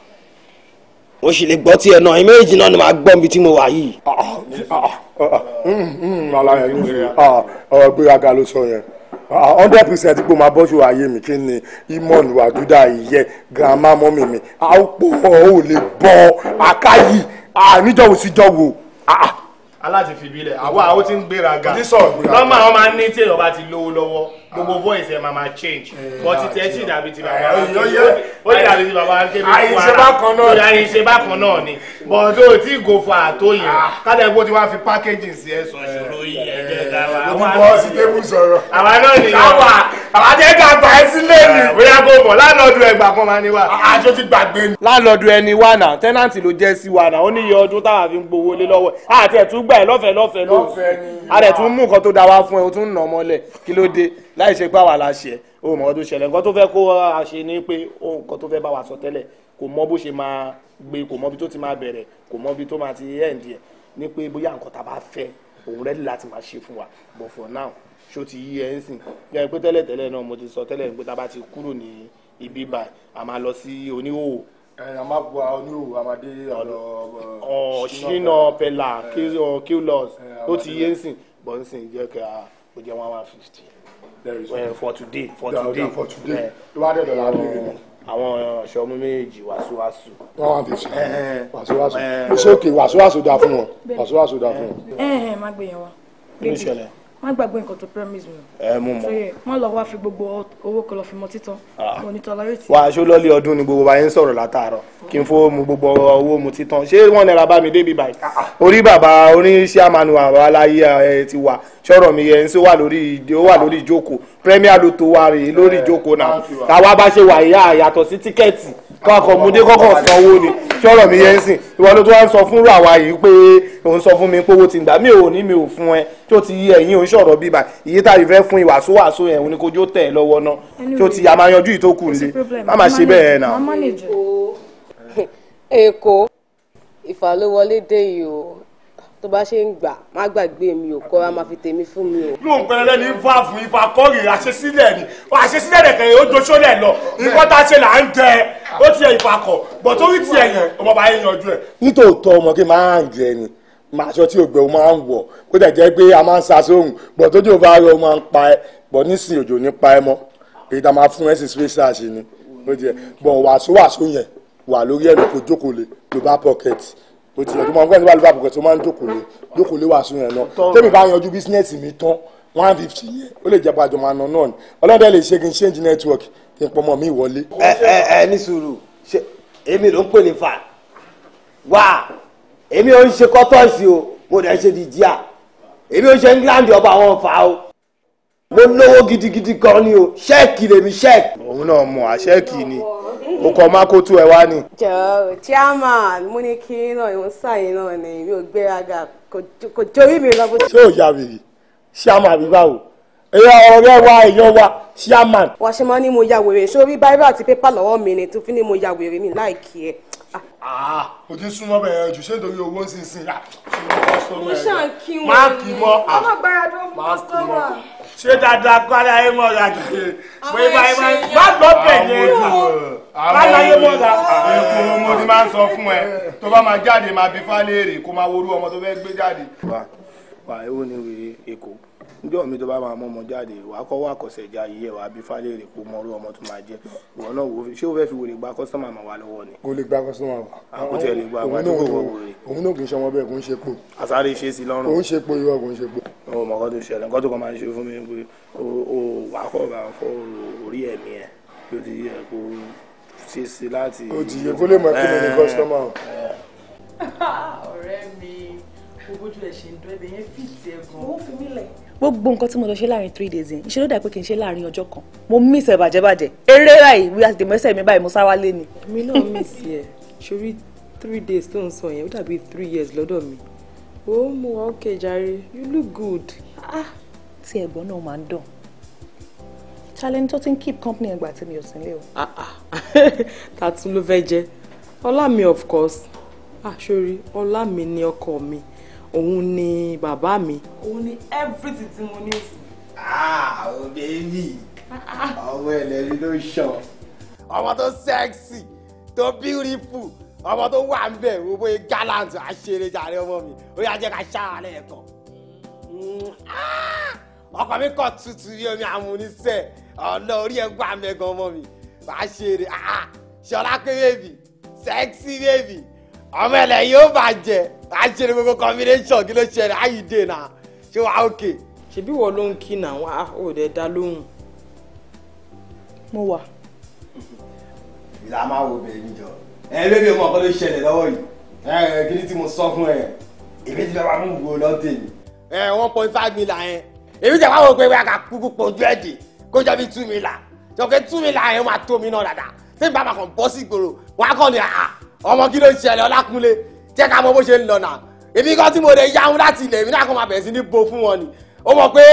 Speaker 3: mo sì lè gbọ́ tiẹ̀ náà ìméjì náà ni màá gbọ́ níbi tí mo wà yìí. ọ̀rọ̀ ah, hmm, hmm, gbéraga ló sọ yẹn hundred percent pé máa bọ́ ṣòwò ayé mi kí ni imọ̀n wàdúdà ìyẹ grandma mọ́mì mi àpò ò lè bọ́ àkáyì àníjọ́wò síjọ́wò ah, ah aláti fi bílẹ̀ àwa ó ti ń gbéraga lọ́mọ àwọn máa ń ní tí èèyàn ti lówó lọ́wọ́ gbogbo ah. voice ẹ̀ máa máa change eh, but ti tẹ́ sí dàbí ti bàbá eh, ó lè dàbí ti bàbá kébé fún ara àìṣe bákan náà ni but o ti go for àtó yẹn kádà ẹgbẹ́ tí fi packaging sí eh, ẹ̀ sọ̀rọ̀ yìí ẹ̀jẹ̀ dára àwọn àwa náà nìyẹn àjẹgà àgbà ẹ sílẹ̀ ni. bóyá kò mọ̀ lálọ́dún ẹgbà kan máa ní wa. àjọ ti gbàgbé ni. lálọ́dún ẹni wà náà tẹ́nàntì ló jẹ́ sí wa náà ó ní iye ọdún táwa fi ń gbowó lé lọ́wọ́ àti ẹ̀ tún gbà ẹ̀ lọ́fẹ̀ẹ́ lọ́fẹ̀ẹ́
Speaker 1: lọ́fẹ̀ẹ́
Speaker 3: a dẹ̀ tún mú nǹkan tó da wá fún ẹ o tún nà mọ́lẹ̀ kí ló dé láì ṣe pàwọ́ aláṣẹ o mọ̀ ọdún ṣẹlẹ̀ nǹkan tó fẹ́ kó a ṣe ni pé nǹkan tó fẹ́ bá wa sọ tẹ́lẹ̀ kò mọ bó ṣe máa gbé kò mọ bí tó ti máa bẹ̀rẹ̀ kò mọ bí tó máa ti end ẹ̀ ní pé bóyá nǹkan tá a bá fẹ́ òun rẹ́dí láti máa ṣe fún wa but for now ṣó ti yí ẹ ń sìn jẹ́ pé tẹ́lẹ̀ tẹ́lẹ̀ náà mo ti sọ tẹ́lẹ̀ pé tá a bá ti kúrò ní ibi báyìí a máa lọ sí oníhòòhò. ẹ a máa bu oníhòòhò a máa dé ọ̀dọ̀ ṣínà pẹ̀lá kílọ̀s tó ti yé ń sìn bọ́ ń sìn jẹ́ kẹ́ ó jẹ́ one one fifty for today for today for today tó bá dẹ̀ dọ̀là abẹ́rẹ́ mi àwọn ọ̀ṣọ́ méjì wàsíwàsù. wọ́n á ti ṣe eh, eh, eh. wàsíwàsù ìṣókè wàsíwàsù dà fún wọn wàsíwàsù dà fún wọn.
Speaker 2: ẹ ẹ má gbé kí ló ṣẹlẹ̀ má gbàgbé nǹkan tó promise mi.
Speaker 3: ẹ mú mọ. sọyẹ
Speaker 2: má lọ wá fi gbogbo owó kan lọ fi
Speaker 1: mọ títàn. Ah. mo ní tọ́lá yóò ti.
Speaker 2: wàá aṣọ lọ́ọ̀lì
Speaker 3: ọdún ni gbogbo ayé ń sọ̀rọ̀ látàárọ̀ kí n fowó mu gbogbo owó mu títàn ṣé wọ́n nira bá mi débi báyìí. Ah, ah. orí bàbá oníṣẹ́ àmàlù bàbá aláyé eh, ẹ ti wà sọ̀rọ̀ mi yẹn ṣé wà lórí ó wà lórí ìjókòó premier lotto wà rèé lórí eh, ìjókòó náà táwa bá ṣe wà yá yàtọ̀ sí tíkẹ́ẹ̀tì káàkọ̀ múdé kọ́kọ́ sanwó ni tí ọ̀rọ̀ mi yẹn ń sìn ìwọ ló tó wá ń sọ fún ràwa yìí pé òun sọ fún mi pé owó ti gbà mí ò ní mi ò fún ẹ tí ó ti yí ẹ̀yìn òun sọ̀rọ̀ bíbà ìyí tá a fẹ́ fún ìwàsówàsó yẹn ni kojú tẹ̀ lọ́wọ́ náà tí ó ti yà máa yanjú ìtókù nílé má má ṣe bẹ́ẹ̀ náà.
Speaker 1: èkó
Speaker 2: ìfà dé yìí o tó bá ṣe ń gbà má gbàgbé mi ò kọ́
Speaker 3: a máa fi tèmi fún mi o. lóun pẹrẹrẹ ní ifá fún ifá kọrì àṣesílẹ̀ ni àṣesílẹ̀ nìkan yìí ó jọṣọlẹ lọ nǹkan tá a ṣe là ń jẹ ó tiẹ̀ ifá kọ bọ torí tiẹ̀ yẹn ọmọ bá yẹn yanjú ẹ. nítòótọ́ ọmọ kí n máa ń jẹ ni màṣọ tí ògbẹ́ o máa ń wọ̀ kó dẹ̀ jẹ́ pé a máa ń sa sóhùn bọ̀ tójú ò bá rọ máa ń pa ẹ bọ̀ nísìnyí òjò ní pa ẹ mọ́ èyí tá a máa fún ẹ sí special ṣe ni ó jẹ bọ̀ wàásù wàásù yẹn wà lórí ẹ̀ lóko jókòó lè ló pocket o ti yẹ tó máa ń gbẹ́ni wà lóba àbùkù tó máa ń jókòó jókòó wàásù yẹn lọ tẹ́mi bá yanjú bísínẹ́sì mi tán one fifty yẹn ó lè jẹ́ bàjọ́ máa ná náà ni ọlọ́dẹ lè ṣe kí n change network kí n pọ́ mọ́ mi wọlé. ẹ ẹ ẹ ní sùúrù ṣe èmi ló ń pè ní fa wá èmi ò ń ṣe kọ́tọ́ọ̀sì o mo dẹ̀ ṣe dìjíà èmi ò ń ṣe England ọba àwọn fa o mo lówó gidigidi kan ni o ṣẹ́ẹ̀kì lèmi ṣẹ́ẹ̀kì. òun náà mọ̀ àṣẹ́ẹ̀kì ni o
Speaker 2: kò má kó tú ẹ wá ni. jọ̀ọ́ chairman mo ní kí náà ìwọ sáyìn náà ni mi ò gbéraga
Speaker 3: kò jórí mi lọ. ṣé ò ya wèrè chairman àbí báwo
Speaker 2: èèyàn ọ̀rẹ́ wa èèyàn wa
Speaker 3: chairman. wàá ṣe máa ní
Speaker 2: mo ya wèrè sórí báírà àti pépà lọ́wọ́ mi ni tó fi ní mo ya wèrè mi láìkí ẹ ah, o ah.
Speaker 3: ti súnmọ́ bẹ̀rẹ̀ jù ṣé nítorí owó ń sin sin ah, mo ṣàn kí wọn máa kì í mọ máa kì í mọ ṣé dáadáa kó ara ẹ mọ ra jàre bóyá báyìí má gbọ́ bẹ̀ yẹn jù lára ẹ mọ ra. èkó mo ti máa ń sọ fún ẹ tó bá máa jáde máa bí fálẹ́ èrè kó máa worú ọmọ tó fẹ́ gbé jáde. wà á ewu ni èkó níjọ́ mi tó bá máa mọ ọmọ jáde wà á kọ́ wà kọsẹ̀ já yìí ẹ̀ wà á bí falẹ̀ rè kó mọ́rú ọmọ tó máa jẹ́ ìwọ náà wò ṣé o fẹ́ fi wèrè gba kọ́sọ́mà máa wà lọ́wọ́ ni. kò lè gba kọ́sọ́mà wa. àwọn tí ẹ lè gba àwọn àti kò wọ wèrè. òun náà kì í ṣe ọmọ bẹ́ẹ̀ kò ń ṣe po. àsáré ṣe sí lọ́rùn. òun ṣe po irọ́ kò ń ṣe po. ọmọ mọ̀kọ́ tó ṣẹlẹ̀ nǹkan tó kọ́ máa ń ṣe fún mi pé o wà kọ́ bá fọ́ orí ẹ̀mí ẹ̀ ló ti yẹ kó ṣe sí láti. o ti yẹ kó lè mọ̀ kí ni eh, kọ́sọ́mà.
Speaker 2: Eh. ọ̀rẹ́ mi ogójú ẹ̀ ṣe ń dán ẹbẹ̀ yẹn fìtì ẹ̀ gan. owó fi mí lẹ̀. gbogbo nǹkan tí mo lọ ṣe láàrin three days yẹn ìṣèlódà pé kì í ṣe láàrin ọjọ́ kan mo miss ẹ̀ bàjẹ́bàjẹ́ eré báyìí wí àti tèmọ́sẹ̀ mi báyìí mo sá wálé ni. mi náà miss ẹ sórí three days tó ń sọ yẹn ó dàbí three years lọ́dọ̀ mi ó mú wa ó kẹjàre you look good. ah tí ẹ̀gbọ́n náà máa ń dàn challenge tó ti ń keep company ẹgbà tí mi ò sí nílé o. Ah, ah. ta tún ló fẹ́ jẹ́ ọlá mi of course àṣorí ah, ọlá mi ni ọkọ mi òun ni bàbá mi. òun ni everything tí mo ní ìsìn.
Speaker 3: àwọn bèbí ọmọ ẹlẹ́rìí ló ṣàn ọmọ tó sexy tó beautiful ọmọ tó wà ń bẹ̀ wo bóyá gallant àṣeré jàre ọmọ mi ó yà jẹ́ ká ṣáà lẹ́ẹ̀kan ah, ọkọ mi kọ tutù bí omi àmúnisẹ ọlọ orí ẹgbẹ amẹgan ọmọ mi bá a ṣe eré ah, ṣọlá pé bèbí sẹksì bèbí ọmọ ẹlẹ yóò bàjẹ́ a ṣe ni gbogbo combination kí ló ṣẹlẹ̀ how you dey na ṣé wàá òkè. ṣebí wọ́n ló ń kí náà wá ò dé dá lóhùn. mo wà. ìlà máa wo bẹ̀rẹ̀ níjọ ẹ lórí ọmọ ọkọ ló ṣẹlẹ̀ lọ́wọ́ yìí ẹ kí ni tí mo sọ fún ẹ èmi ti fẹ́ wá mú wo lọ́tẹ̀ mi. ẹ one point five million yẹn èmi jẹ́ wá wò pé wíwá ká kúkú pọ̀jù ẹ̀dì kó jẹ́ bí two million jọ̀kẹ́ two million yẹn máa tó mi náà dáadáa tí n bá ma kàn bọ́ sí ìgboro wọ́n á kàn ní àá ah, ọmọ kí ló ń ṣẹlẹ̀ Ọlákúnlé jẹ́ ká mọ bó ṣe ń lọ nà èmi kan tí mo lè yahun láti ilẹ̀ èmi náà kàn máa bẹ̀rẹ̀ sí ní bo fún wọn ni ó mọ̀ pé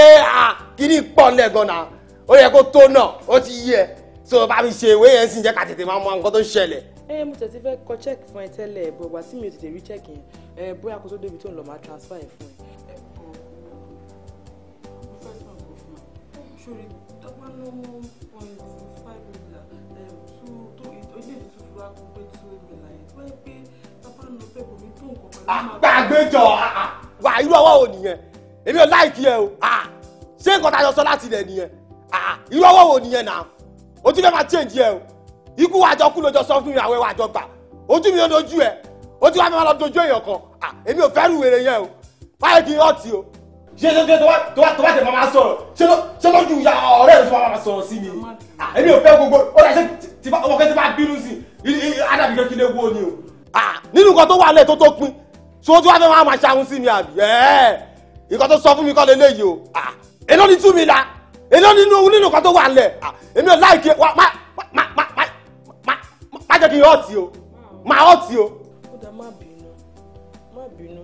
Speaker 3: kíní pọ̀ lẹ́gàn náà ó yẹ kó tó náà ó ti yí ẹ so bá mi ṣe ìwé yẹn sì jẹ́ ká tètè máa mọ nǹkan tó ń ṣẹlẹ̀.
Speaker 2: ẹ mo tẹ̀sí fẹ́ kọ check fún ẹ tẹ́lẹ̀ bó wá sí mi ò tètè rí check yẹn bóyá kó tó débi tó ń lọ máa transfer ẹ fún ẹ. ṣòrí tọ́gbọ́n ló mú
Speaker 3: àgbàgbéjọ ah, ah, ah. wà irú ọwọ́ ò nìyẹn èmi ò láìkí ẹ o ṣé nǹkan tá a yọ sọ láti ilẹ̀ nìyẹn irú ọwọ́ ò nìyẹn náà ojú fẹ́ máa change ẹ o ikú wa jọ kú lójọ sọ fún mi àwọn ẹwà àjọgbà ojú mi ló dojú ẹ ojú wa máa lọ dojú èèyàn kan èmi ò fẹ́ rú wèrè yẹn o báyìí di ọ̀tí o. ṣé ṣé ṣé tó bá tó bá tẹ̀ máa sọ̀rọ̀ ṣé lójú ìyá ọ̀rẹ́ rẹ̀ tó máa sọ̀rọ̀ sí mi èmi ò fẹ́ gbogbo ó dà ṣe ọmọkẹ́ ti bá bínú sí i adàbí kékeré wo ni o nínú nǹkan tó wà lẹ̀ tó tó pin tí wọ́n tún wá fẹ́ wọn á máa ṣàhùn sí mi àbí nǹkan tó sọ fún mi kọ́ lélẹ́yìí o èló ni tú mi la èló nínú nínú nǹkan tó wà lẹ̀ èmi ò láìké e. wá má má má má má jẹ́ kí n ọ̀tí o má ọ̀tí o. ó
Speaker 2: má bínú má bínú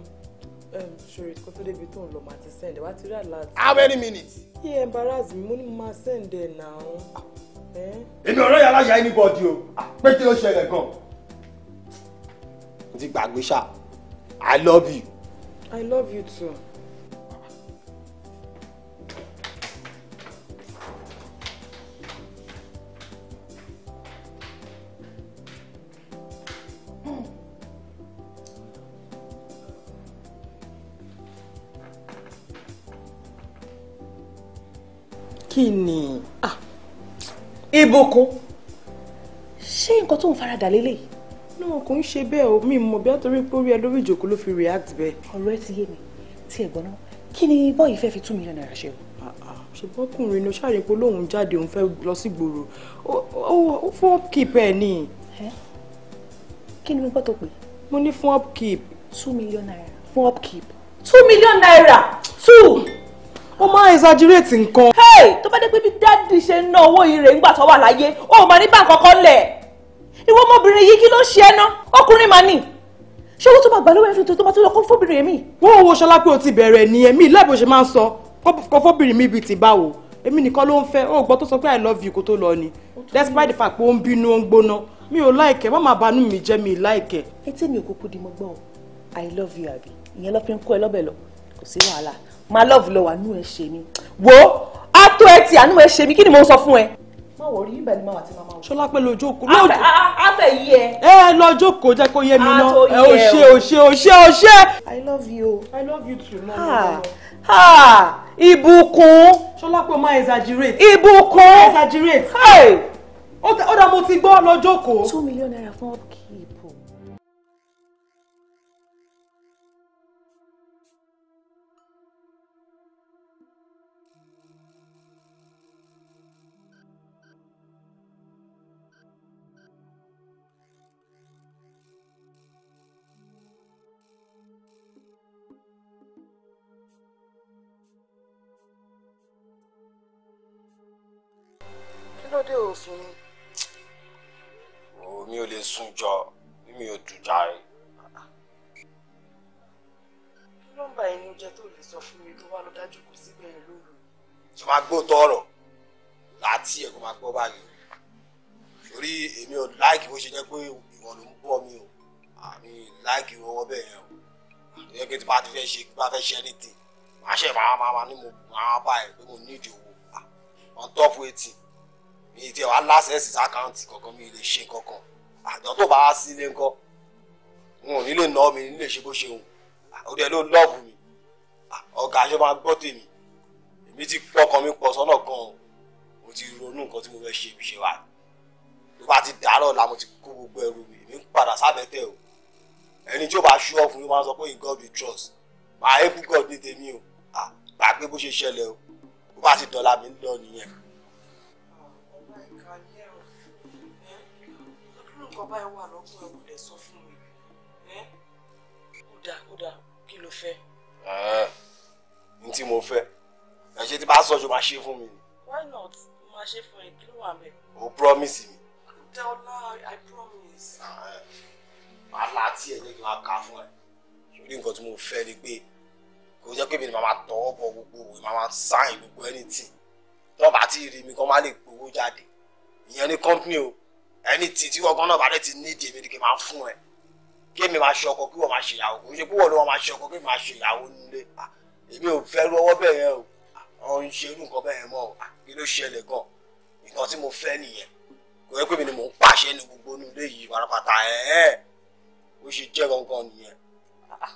Speaker 2: ṣòro ìkọ́ tó débi tó ń lọ màá ti send wá ti rí alert. how many minutes. yíyẹ embarrass mi mo ní mo máa send ẹ̀ náà.
Speaker 3: èmi ọ̀rọ̀ yàrá yà anybody o pé kí ló ṣẹlẹ̀ gan-an mo ti gbàgbé ṣá i love you.
Speaker 2: i love you too. kí ni ibùkún ah! ṣé nǹkan tó ń faradà lélẹ́yìí náà kò ń ṣe bẹ́ẹ̀ o mi mọ̀ bí àtọ́rí pé orí ẹ lórí ìjòkó ló fi react bẹ́ẹ̀. ọ̀rọ̀ ẹ ti yé mi tí ẹ gbọ́ná kí ni bọ́ọ̀yì fẹ́ fi two million naira ṣe o. Ah, ah. ṣùgbọ́n ọkùnrin ni ṣáà rí pé olóhùn jáde òun fẹ́ lọ sí gbòòrò ó fún upkeep ẹ̀ ni. kí ni mo gbọ́ tó pè. mo ní fún upkeep. two million naira fún upkeep. two million naira two ó máa exaggerate nǹkan. tó bá dé pé bí dáàdì ṣe ń ná owó yìí rè ńgbà tó wà láyé ó máa ní báńkì kọ́kọ́ lẹ̀ ìwọ ọmọbìnrin yìí kí ló ń ṣe ẹná ọkùnrin mà ní ṣé owó tó máa gbà lọ́wọ́ ẹ̀fìn tó máa tó lọ kó fóbìnrin mi. wọ́n wo ṣọlá pé o ti bẹ̀rẹ̀ nìyẹn mi láì bó ṣe máa ń sọ kó fóbìnrin mi bíi ti báwo èmi nìkan ló ń fẹ́ ó gbọ́ tó sọ pé i love you kó tó lọ ni despite the fact pé ó ń bínú ó ń gbóná mi ò láìkẹ́ má máa banú mi jẹ́ mi láìkẹ́. etí mi ò kúkú di mo gbọ́ o i love you àbí ìyẹn ló fi ń kọ́ ẹ lọ́bẹ̀ lọ kò sí wàhálà my love lọ wà nú ẹ ṣe mi wo á tó ẹ ti àánú ẹ ṣe mi kí ni mo sọ fún ẹ má wọrí ibà máa wà máa máa wọ. pé lójó kó lójó. afẹ yí ẹ. ẹ lọ́jọ́ kó jẹ́ kó yé mi ná ẹ o ṣe o ṣe o ṣe o ṣe. i love you i love you too Ha ha. ìbùkún. ṣọlá pé o máa exaggerate. ìbùkún. exaggerate.
Speaker 4: ó dá mo ti gbọ́ lọ́jọ́ kó. two million
Speaker 2: naira fún ọ́kì. lọ sùn
Speaker 3: ni. mi ò lè sùn jọ bí mi ò dùn járe.
Speaker 2: nọ́mbà ẹni jẹ tó lè sọ fún mi tó wá lọ dájú
Speaker 3: kò
Speaker 1: síbẹ̀ yẹn lóru.
Speaker 3: tí wàá gbó tọrọ láti ẹ̀kọ́ máa gbọ́ báyìí torí èmi ò láìkì bó ṣe jẹ́ pé ìwọ ló ń bọ́ mi o àmì láìkì wọ́wọ́ bẹ́ẹ̀ yẹn o ìyẹn kí n bá ti fẹ́ ṣe bá fẹ́ ṣe anything máa ṣe máa máa ní mo máa bá ẹ pé mo ní ìdí owó on top eighty mi ti wá lásẹ̀sì sákàǹtì kankan mi lè ṣe kankan àjọ tó bá wá sílé ńkọ́ n ò nílé nà mí nílé ṣe bó ṣe wù òde ló lọ́ọ̀bù mi ọ̀gá àjọ máa gbọ́ tèmi èmi ti pọkàn mi pọ̀ sọ́nà kan o ti ronú nǹkan tí mo fẹ́ ṣe ibiṣẹ́ wa tó bá ti dàárọ̀ la mo ti kó gbogbo ẹrù mi èmi ń padà o ẹni tí ó bá ṣú ọ̀fun ló máa sọ pé God we trust màá ébú God ní tèmi o gbàgbé bó ṣe ṣẹlẹ̀ o bó ti dọ̀la mi ń lọ
Speaker 2: nǹkan báyìí wà lọ́gbọ̀n ẹ̀wù lẹ̀ sọ fún mi ó dà kí ló fẹ́.
Speaker 4: n tí mo
Speaker 3: fẹ́ ẹ ṣe tí bá sọ ṣe máa ṣe fún mi.
Speaker 2: why not mo máa ṣe fún ẹ kí ló wà mẹ.
Speaker 3: o promise mi.
Speaker 2: dọ́là i promise.
Speaker 3: màá la tí ẹ ní kí n máa kà fún ẹ sórí nǹkan tí mo fẹ́ ni pé kò jẹ́ pé mi ni màá máa tọ́ bọ̀ gbogbo òwe màá máa sáìn gbogbo anything tí wọ́n bá ti rí mi kó má lè gbowó jáde ìyẹn ní company o ẹni tí tí ọgbọ́n náà bá dẹ̀ ti ní ìdí èmi kì í máa fún ẹ kí èmi máa ṣe ọkọ kí wọ́n máa ṣe ìyàwó kò ń ṣe kí wọ́n máa ṣe ọkọ kí èmi máa ṣe ìyàwó nílé èmi ò fẹ́ lọ́wọ́ bẹ́ẹ̀ yẹn o ọ̀ ń ṣe irú nǹkan bẹ́ẹ̀ yẹn mọ́ o kí ló ṣẹlẹ̀ gan nǹkan tí mo fẹ́ nìyẹn kò yẹ pé mi ni mò ń pàṣẹ ní gbogbo inú yìí parapata ẹ̀ ah,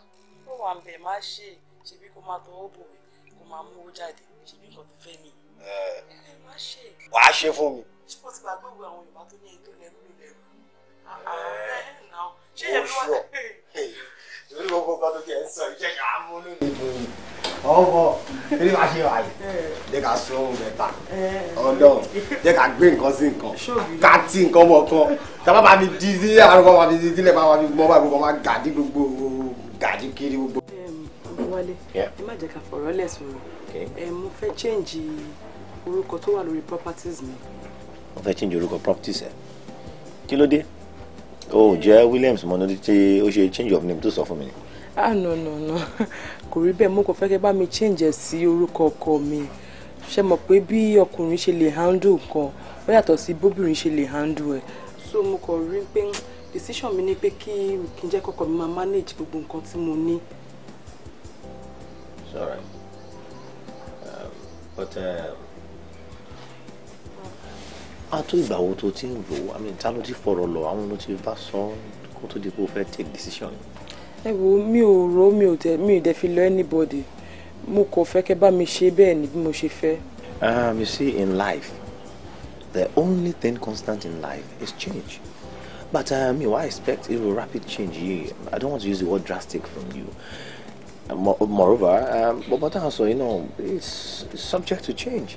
Speaker 3: wàá ṣe fún mi ṣé wọ́n ti gbàgbé ìwé àwọn yorùbá tó ní ètò lẹ́rú ló lẹ́rú ṣé yẹn ló wà. lórí gbogbo nǹkan tó kẹ́ ẹ sọ iṣẹ́ kà á mú lónìí ìbòyìn ọwọ́ eré máa ṣe wáyé eh. jẹ́ ká sọ ohun mẹ́ta eh. ọlọ́run jẹ́ ká gbé nǹkan sí nǹkan ká tí nǹkan mọ̀ kan tábà bá mi di sí àrùn bá mi di sílẹ̀ bá mi mọ́ báyìí gbogbo máa gàdí gbogbo gàdí kiri gbogbo.
Speaker 2: wálé ẹ má jẹ́ ká fọ̀rọ̀ lẹ̀ sọ̀rọ̀ eh, mo fẹ́ change orúkọ tó wà lórí properties mi
Speaker 3: wọ́n fẹ́ change orúkọ properties ẹ̀ kí ló dé o jẹ́ Williams mọ́nú tí ó ṣe change of name tó sọ fún mi
Speaker 2: ah no no no kò rí bẹ́ẹ̀ mo kàn fẹ́ kẹ́ bá mi change ẹ̀ sí orúkọ ọkọ mi ṣe mọ̀ pé bí ọkùnrin ṣe lè handle nǹkan ó yàtọ̀ sí bóbìnrin ṣe lè handle ẹ̀ so mo kàn rí pé decision mi ni pé kí kí n jẹ́ kọ́kọ́ mi máa manage gbogbo nǹkan tí mo ní.
Speaker 3: sorry um, but. Uh, àtó ìgbà wo tó ti ń lò ó àmì ta ló ti fọ̀rọ̀ lọ àwọn ló ti bá sọ kó tó di pé ó fẹ́ take decision.
Speaker 2: ẹ wo mi ò rò mi ò tẹ mi ò dẹ fi lọ anybody mo kò fẹ́ kẹ́ bá mi ṣe bẹ́ẹ̀ ni bí mo ṣe fẹ́.
Speaker 3: Um, you see in life the only thing constant in life is change but um, mi um, wá expect a rapid change yìí i don't want to use the word drastic from you moreover um, but what i'm saying now it's subject to change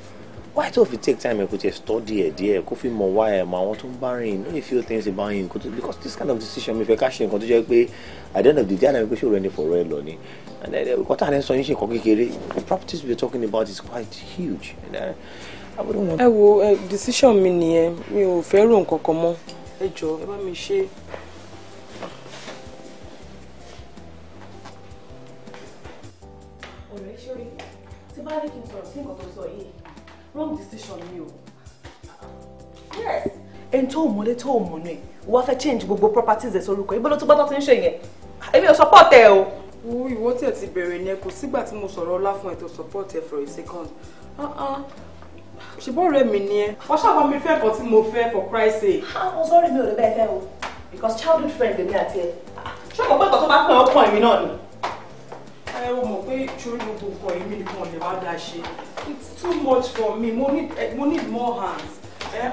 Speaker 3: why do you take time to study ẹ díẹ̀ kó fi mọ̀ wá ẹ mọ̀ àwọn tó ń bá know a few things about him because this kind of decision if fẹ́ ká ṣe nǹkan tó jẹ́ at the end of the day àná mi pé ṣòro ẹni fọ̀rọ̀ ẹ lọ ni and then nǹkan tá à ń sọ yín ṣe nǹkan kékeré the properties we are talking about is quite huge and I, I wouldn't want. ẹ wo decision mi nìyẹn mi
Speaker 2: ò fẹ́ rò nǹkan kan mọ́ ẹ jọ ẹ bá mi ṣe. ọ̀rẹ́ ṣorí tí bá ní kí n sọ̀rọ̀ sí nǹkan tó sọ yìí wrong decision ni o yes ẹni tó mọlé tó mọ̀nà ẹ̀ wọ́n fẹ́ change gbogbo properties ẹ̀ sórúkọ ibo ló tún gbọ́dọ̀ ti ń ṣe yẹn èmi ò support ẹ o. wo ìwọ tí ẹ ti bẹ̀rẹ̀ ni ẹ kò sígbà tí mo sọ̀rọ̀ ọlá fún ẹ tó support ẹ for a second uh-uh. ṣùgbọ́n ọ̀rẹ́ mi ni ẹ wọ́n ṣàbọ̀ mi fẹ́ kan tí mo fẹ́ for Christ sake. àwọn sọ́ọ̀rì mi ò lè bẹ́ẹ̀ fẹ́ o because childhood friend lèmi àti ẹ ṣé kò pẹ́ kan tó bá pẹ́ ọkùnrin mi náà ni it's too much for me mo need, eh, more hands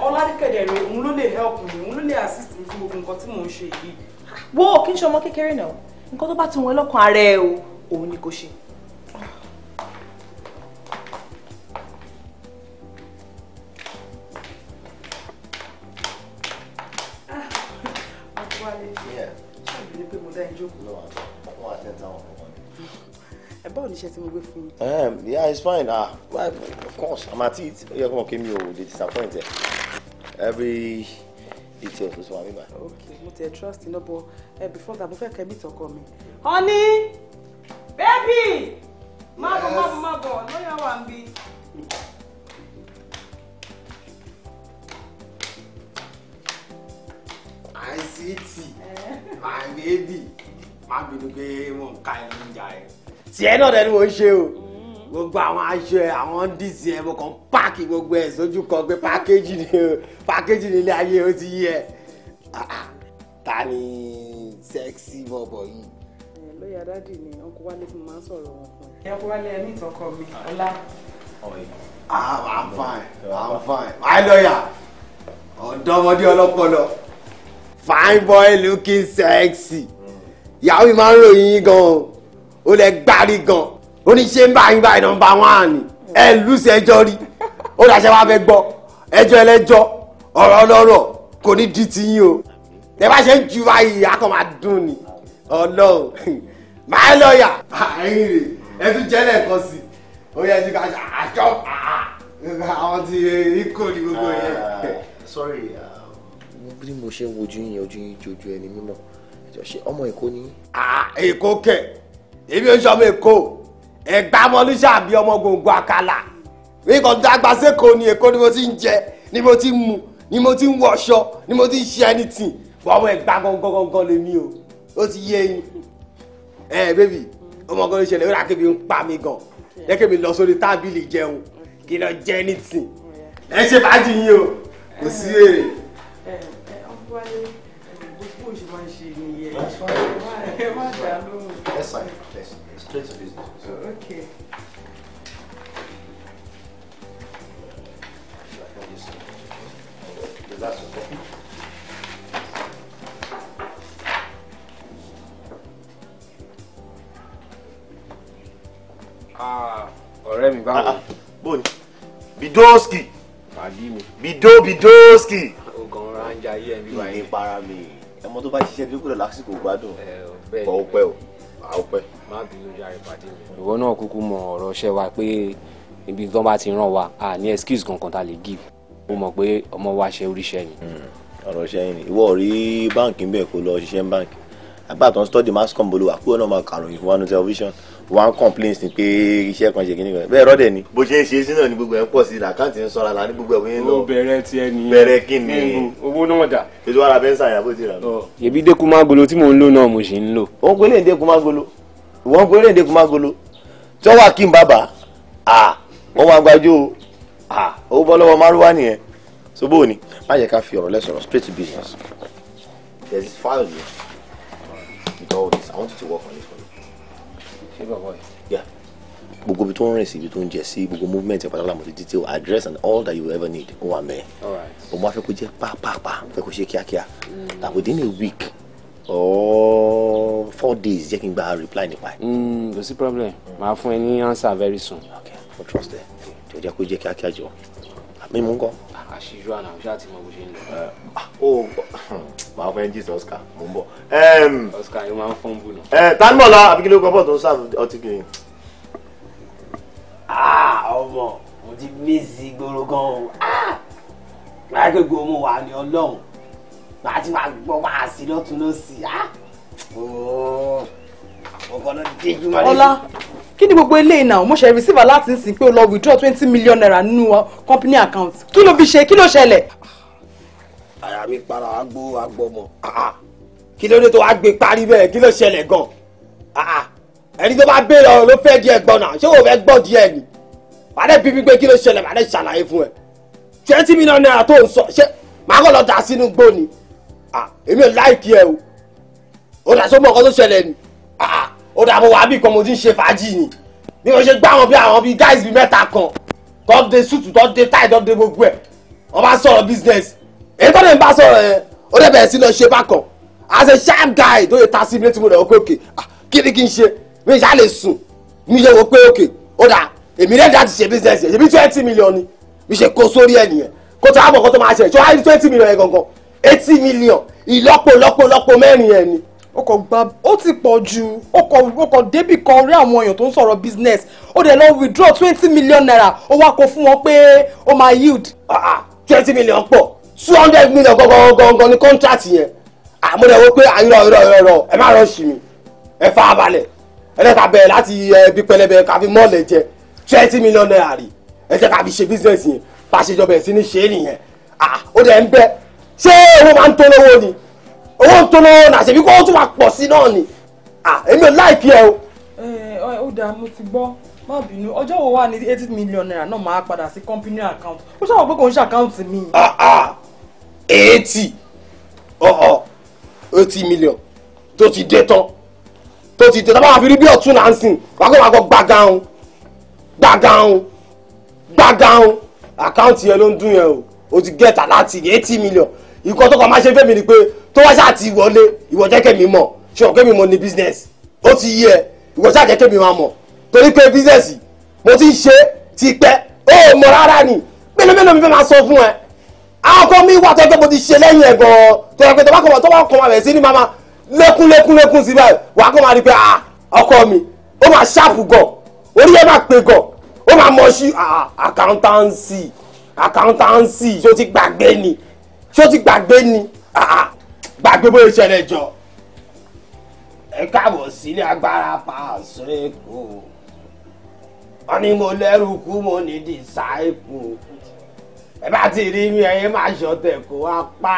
Speaker 2: ọládìkẹ̀dẹ̀ rẹ help mi òun assist mi fún gbogbo nǹkan tí mò ń ṣe yìí. wo kí n ṣe ọmọ kékeré náà nǹkan tó bá ti wọn lọ́kàn ara ẹ o òun ni kò ṣe. Ah, yeah. Ṣé ìbílẹ̀ pé mo dá ẹjọ́ kù? ẹ báwo tí mo gbé fún yín.
Speaker 3: Ehm, yeah it's fine ah well, of course àmà tí ó yẹ kí wọn kí mi ò dey disappoint ẹ every detail tó sọ wà nígbà. ok
Speaker 2: mo tẹ trust iná bọ ẹ eh, before that mo fẹ́ kẹ́ mi tọkọ mi. honey baby
Speaker 4: má bọ̀ má bọ̀ má
Speaker 2: bọ̀ lóyún àwọn àmì.
Speaker 3: àìsí tì àìbèébì My baby, pé wọn ká ẹnu ń tiẹ̀ náà dẹ́nu mo ń ṣe o gbogbo àwọn aṣọ ẹ àwọn díìsì ẹ mo kàn páàkì gbogbo ẹ sójú kan pé pákéjì ni o pákéjì ni ilé ayé o ti yí ẹ ah, ah. ta ni sẹ́ksì bọ̀bọ̀ yìí.
Speaker 2: lóyè dádì ni ọkọ wálé fún mi máa ń sọ̀rọ̀ wọn fún ẹ. ẹ kó wálé ẹ ní ìtọ́kọ mi ọlá.
Speaker 3: Ah, I'm fine I'm fine my lawyer ọ̀dọ́mọdé ọlọ́pọlọ fine boy looking sexy ìyàwó mi máa ń ròyìn gan o ó lẹ gbárí gan ó ń bá yín báyìí nọ́mbà wọn ni ẹ lùsẹ̀ ẹjọ́ rí ó dàṣẹ wá fẹ́ gbọ́ ẹjọ́ ẹlẹ́jọ́ ọ̀rọ̀ ọlọ́rọ̀ kò ní di ti yín o ẹ bá ṣe ń ju báyìí a máa dùn ni ọlọ́run máa lọ́ọ̀yà ẹ̀yìn rè ẹ tún jẹ́ lẹ́ẹ̀kan sí ó yẹ kí àjọ àwọn ti ikọ̀ ní gbogbo yẹn. sorry um, bí mo ṣe ń wojú yín ojú yín jojú ẹni mímọ́ ọmọ èkó ni. èkó kẹ̀ èmi ò sọmọ èkó ẹ̀gbá mọ́lúṣà bíi ọmọ gbòǹgbò àkàlà wíkọ̀ dàgbà sẹ́kọ̀ọ́ ni èkó ni mo ti ń jẹ ni mo ti ń mu ni mo ti ń wọṣọ ni mo ti ń ṣe anything bọ́ ọmọ ẹ̀gbá gangan lèmi o ó ti yé eyín ẹ bébì ọmọ kan ló ṣẹlẹ̀ ó rà kébi ń pa mi gan lẹ́kẹ̀mí lọ sórí tábìlì jẹun kí lọ jẹ anything ẹ ṣe fàájì yín o kò sí èrè bó ṣe máa ń ṣe nìyẹn ẹ má dà lóhùn. ẹ sàn ẹ straight to business. okay. That's ah, okay. ọ̀rẹ́ mi báwo. Ah, ah, bó bidoski. pàdí bido bidoski. ogan ọ̀rọ̀ ajá yé ẹ̀ bí wàá mi ọmọ tó bá ṣiṣẹ́ dúkúrò lásìkò gbádùn kọ́ ọ o à ó pẹ́. má bínú yára ìpàdé mi. ìwọ náà kúkú mọ ọ̀rọ̀ ṣẹ́ wa pé ibi tí wọ́n bá ti ràn wa a ní excuse kankan tá a lè give ó mọ̀ pé ọmọ wa ṣe oríṣẹ́ ni. Hmm, ọ̀rọ̀ ṣẹ́yìn ni ìwọ rí báǹkì ń bẹ̀ kó lọ ṣiṣẹ́ báǹkì àgbà tó ń study mass com bolo wà kúrò náà máa kàròyìn fún wa ní wà ń complain sí pé iṣẹ́ kan ṣe kíní kan bẹ́ẹ̀ rọ́dẹ̀ ni. bó ṣe ń ṣe sí náà ni gbogbo ẹ̀ ń pọ̀ sí i làkáǹtì ń sọ̀rọ̀ la ní gbogbo ẹ̀ ń lọ. bẹ̀rẹ̀ tiẹ̀ ni bẹ̀rẹ̀ kí ni owó náà dà. ètò ara bẹ́ẹ̀ ń sàyà bó ti rà. èbí dẹ́kumagolo tí mò ń lò náà mo sì ń lò. òun pé léyìn dẹ́kumagolo wọ́n pé léyìn dẹ́kumagolo tí wọ́n wà kí n bàbà à wọ́n wà gbájú à owó bọ́ lọ́wọ́ márúwá nìyẹn so bó o ní má yẹ ká fi ọ̀rọ̀ lẹ́sọ̀rọ̀ straight to business. there is file here with all this i want you to work on it gbogbo ibi tó ń rìn sí ibi tó ń jẹ sí gbogbo movement ẹ̀ pátápátá mo ti detail address and all that you ever need ó wà mẹ́ẹ̀ o máa fẹ́ kó jẹ́ pàápàá fẹ́ kó ṣe kíákíá That mm. within a week or four days jẹ́ kí n gba reply nípa ẹ̀. Mm, kò sí problem màá fún ẹ ní answer very soon. ok mo trust ẹ tí o jẹ́ kó jẹ́ kíákíá jọ àmì mú ń kọ́. àṣìjọ àná ṣáà ti mọ bó ṣe ń lọ. Uh, ah, oh, máa fẹ́ jíìsì Oscar mò ń bọ̀. Oscar yóò máa ń fọ́n bù náà. tanimọ̀lá àbíkí ló kọ́pọ̀ tó ń sáàbù ọtí kiri. Ah, ọmọ mo ti mísì gbòòrò gan o ah! máa ọmọ wa ni ọlọ́run máa ti máa gbọ́ máa sí lọ́tún lọ́sì ah! ọlá
Speaker 2: kí ni gbogbo eléyìí náà mo ṣe receiver láti ń sìn pé o lọ withdraw twenty million naira nínú company account kí ló fi ṣe kí ló ṣẹlẹ̀
Speaker 3: àyà mi para agbó agbọmọ ah, ah. kí ló dé tó wá gbé parí bẹ́ẹ̀ kí ló ṣẹlẹ̀ gan-an ah, ẹni tó bá béèrè ọ̀rọ̀ ló fẹ́ di ẹ̀gbọ́n náà ṣé wò fẹ́ gbọ́ di ẹ̀ ni wàá dẹ́ bíbí pé kí ló ṣẹlẹ̀ wàá dẹ́ ṣàlàyé fún ẹ twenty million naira tó ń sọ ṣé màá kọ́ lọ dà sínú gbó ni èmi ò láìkí ẹ o ó dà sómọ ọkọ tó ṣẹlẹ̀ ni ó dà mo wà bí kan mo ti ń ṣe fàájì ni bí mo ṣe gbá àwọn bí àwọn bí guys bí mẹ́ta kan tó dé sùtù tó dé tie. tó dé gbogbo ẹ̀ wọ́n bá sọ̀rọ̀ business èyí tó lè bá sọ̀rọ̀ yẹn bẹ̀rẹ̀ sí lọ ṣe bákan as a sharp guy tó lè ta sí ilé tí mo rẹ̀ ókè òkè kí ni kí n ṣe mi ìṣá lè sùn mi yẹ wo pé òkè ó dà èmi rẹ̀ dá ti ṣe business yẹn ṣe bí twenty million ni mi ṣe kó sórí ẹ̀ nìyẹn kó tó àbọ̀ kó tó máa ṣe ìṣọ́ àìrí twenty million yẹn gangan eighty million ìlọ́po lọ́po lọ́po mẹ́rin yẹn ni. ó kò gba ó ti
Speaker 2: pọ̀ ju ó kò ó kò débì kan rí àwọn èèyàn tó ń sọ̀rọ̀ business ó dẹ̀ lọ withdraw twenty million
Speaker 3: naira ó wá kó fún wọn pé ó máa yield. Ah, ah, twenty million pọ̀ two hundred million gangan ní contract yẹn àmúlẹ̀ ah, wo pé àyúrọ̀ ìrọ̀ ìrọ̀ ẹ má rọ̀ sí mi ẹ fa abalẹ̀ ẹlẹ́ka bẹ̀rẹ̀ láti ẹbí eh, pẹlẹbẹ ká fi mọ́ọ̀lẹ̀ jẹ twenty million naira rí ẹ jẹ́ ká fi ṣe business yẹn pàṣẹjọ bẹ̀rẹ̀ sí ní ṣe é nìyẹn ah, ó dẹ̀ ń bẹ́ ṣé owó máa ń tó lówó ni owó ń tó lówó náà ṣèbí kó tún máa pọ̀ sí náà ni ah, èmi ò láìpẹ́ ẹ o.
Speaker 2: ẹ eh, ó dáa mo ti gbọ́ má bínú ọjọ́ wo wà ní eighty million naira náà máa padà sí company account ó ṣàwọn pé kò ń ṣe àkáǹtì mi
Speaker 3: eighty ọ̀ọ̀ eighty million tó ti dé tán tó ti dé tán báwa fi rí bí ọ̀tún là ń sìn wákò wákò gbàgàun gbàgàun gbàgàun àkáǹtì yẹn ló ń dún yẹn o o ti gẹ́ta láti eighty million ìkọ́ tó kọ́ máa ṣe fẹ́mi ni pé tó wá ṣáà ti wọlé ìwọ jẹ́ kẹ́mi mọ̀ ṣé o kẹ́mi mọ̀ ní business ó ti yí ẹ ìwọ ṣáà jẹ́ kẹ́mi máa mọ̀ torí pé business mo ti ṣe ti pẹ́ ó mọ̀ rárá ni mélòó mélòó mi fẹ́ máa sọ fún ẹ àwọn ọkọ mi wà tọ́jọ́ mo ti ṣe lẹ́yìn ẹ̀ gan-an tọ́jọ́ pé tọ́ba kọ́ tọ́ba kọ́ rẹ̀ sí ní mama lẹ́kún lẹ́kún lẹ́kún sí báyìí wà á kọ́ máa rí pé ah ọkọ mi ó máa ṣáàpù gan orí ẹ̀ máa pè gan ó máa mọ sí àkàǹtáǹsì àkàǹtáǹsì ṣó ti gbàgbé ni ṣó ti gbàgbé ni ah, ah, gbàgbé bóyá ìṣẹ̀lẹ̀ jọ ẹ káàbọ̀ sílé agbára pàṣẹ kù wọ́n ní mo lẹ́rù kú mo ní dìsáìpù ẹ bá ti rí mi ẹ máa ṣọ̀tẹ̀ kó wá pa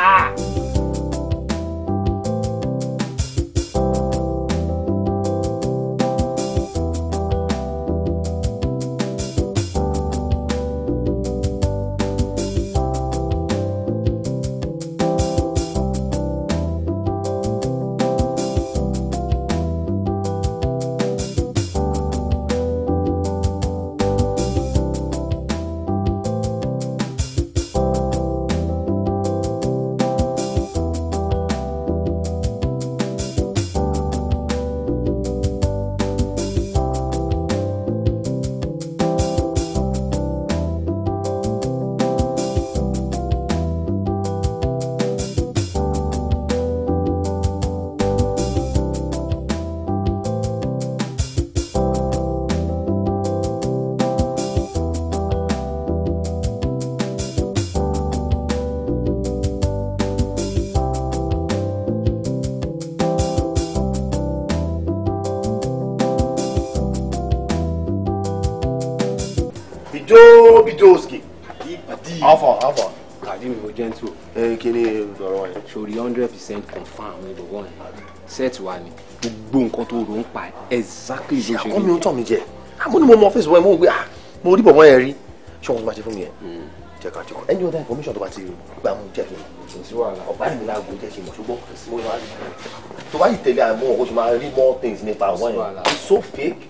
Speaker 3: torí hundred percent confam ní bọ̀bọ̀ yẹn set wa ni gbogbo nǹkan tó rò ń pa exactly ló ṣe ní. àkọ́mi ló ń tàn mí jẹ àmọ́ ah, ni mo mọ ọ́fíìsì wọn mo gbé ah mo rí bọ̀bọ̀ yẹn rí ṣé wọn tó bá ṣe fún mi yẹn hmm. jẹ́ ká any other information tó bá ti gbà mú jẹ́ kí n sí wàhálà ọ̀bá mi láago jẹ́ kí n mọ̀ ṣùgbọ́n mo máa rí tó bá yìí tẹ̀lé àmọ́ ọkọ̀ ṣe máa rí more things nípa àwọn yẹn it's so fake.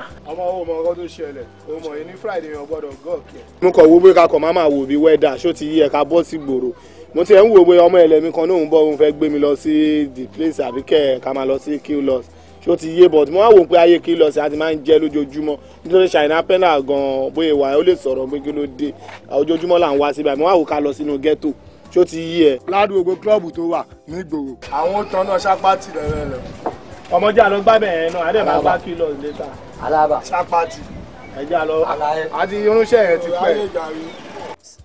Speaker 3: Ah. ọmọ owó ọmọ ọkọ tó ṣẹlẹ̀ ọmọ yìí ní Friday yẹn ọgbọ́dọ̀ gọ́ọ̀kì. mo kàn wo bí kakọ̀ máa máa wò bí wẹ́dà ṣó ti yí ẹ̀ka bọ́ sí gbòòrò mo ti ẹ̀ ń wò pé ọmọ ẹlẹ́mi kan náà ń bọ̀ òun fẹ́ gbé mi lọ sí the place àbí kẹ̀ ká máa lọ sí kill loss ṣé ó ti yé but mo wá wò pé ayé kill loss àti máa ń jẹ́ lójoojúmọ́ nítorí ṣàìná pẹ́nà gan-an bóyá ìwà ó lè sọ̀rọ̀ pé kí ló dé ojoojúmọ́ là ń wá síbẹ̀ mo wá wò ká lọ sínú ghetto ṣé ó ti yé ẹ. ládùúgbò kílọ̀bù tó wà nígboro. àwọn tán náà ṣapá tì lẹ́lẹ́lẹ́. ọmọdé àlọ́ gbàbẹ̀ ẹ̀ náà adé máa bá kill loss later. alaba ṣapá tì. ẹ̀jẹ̀ àlọ́ àti irúnṣẹ́ yẹn ti pẹ́.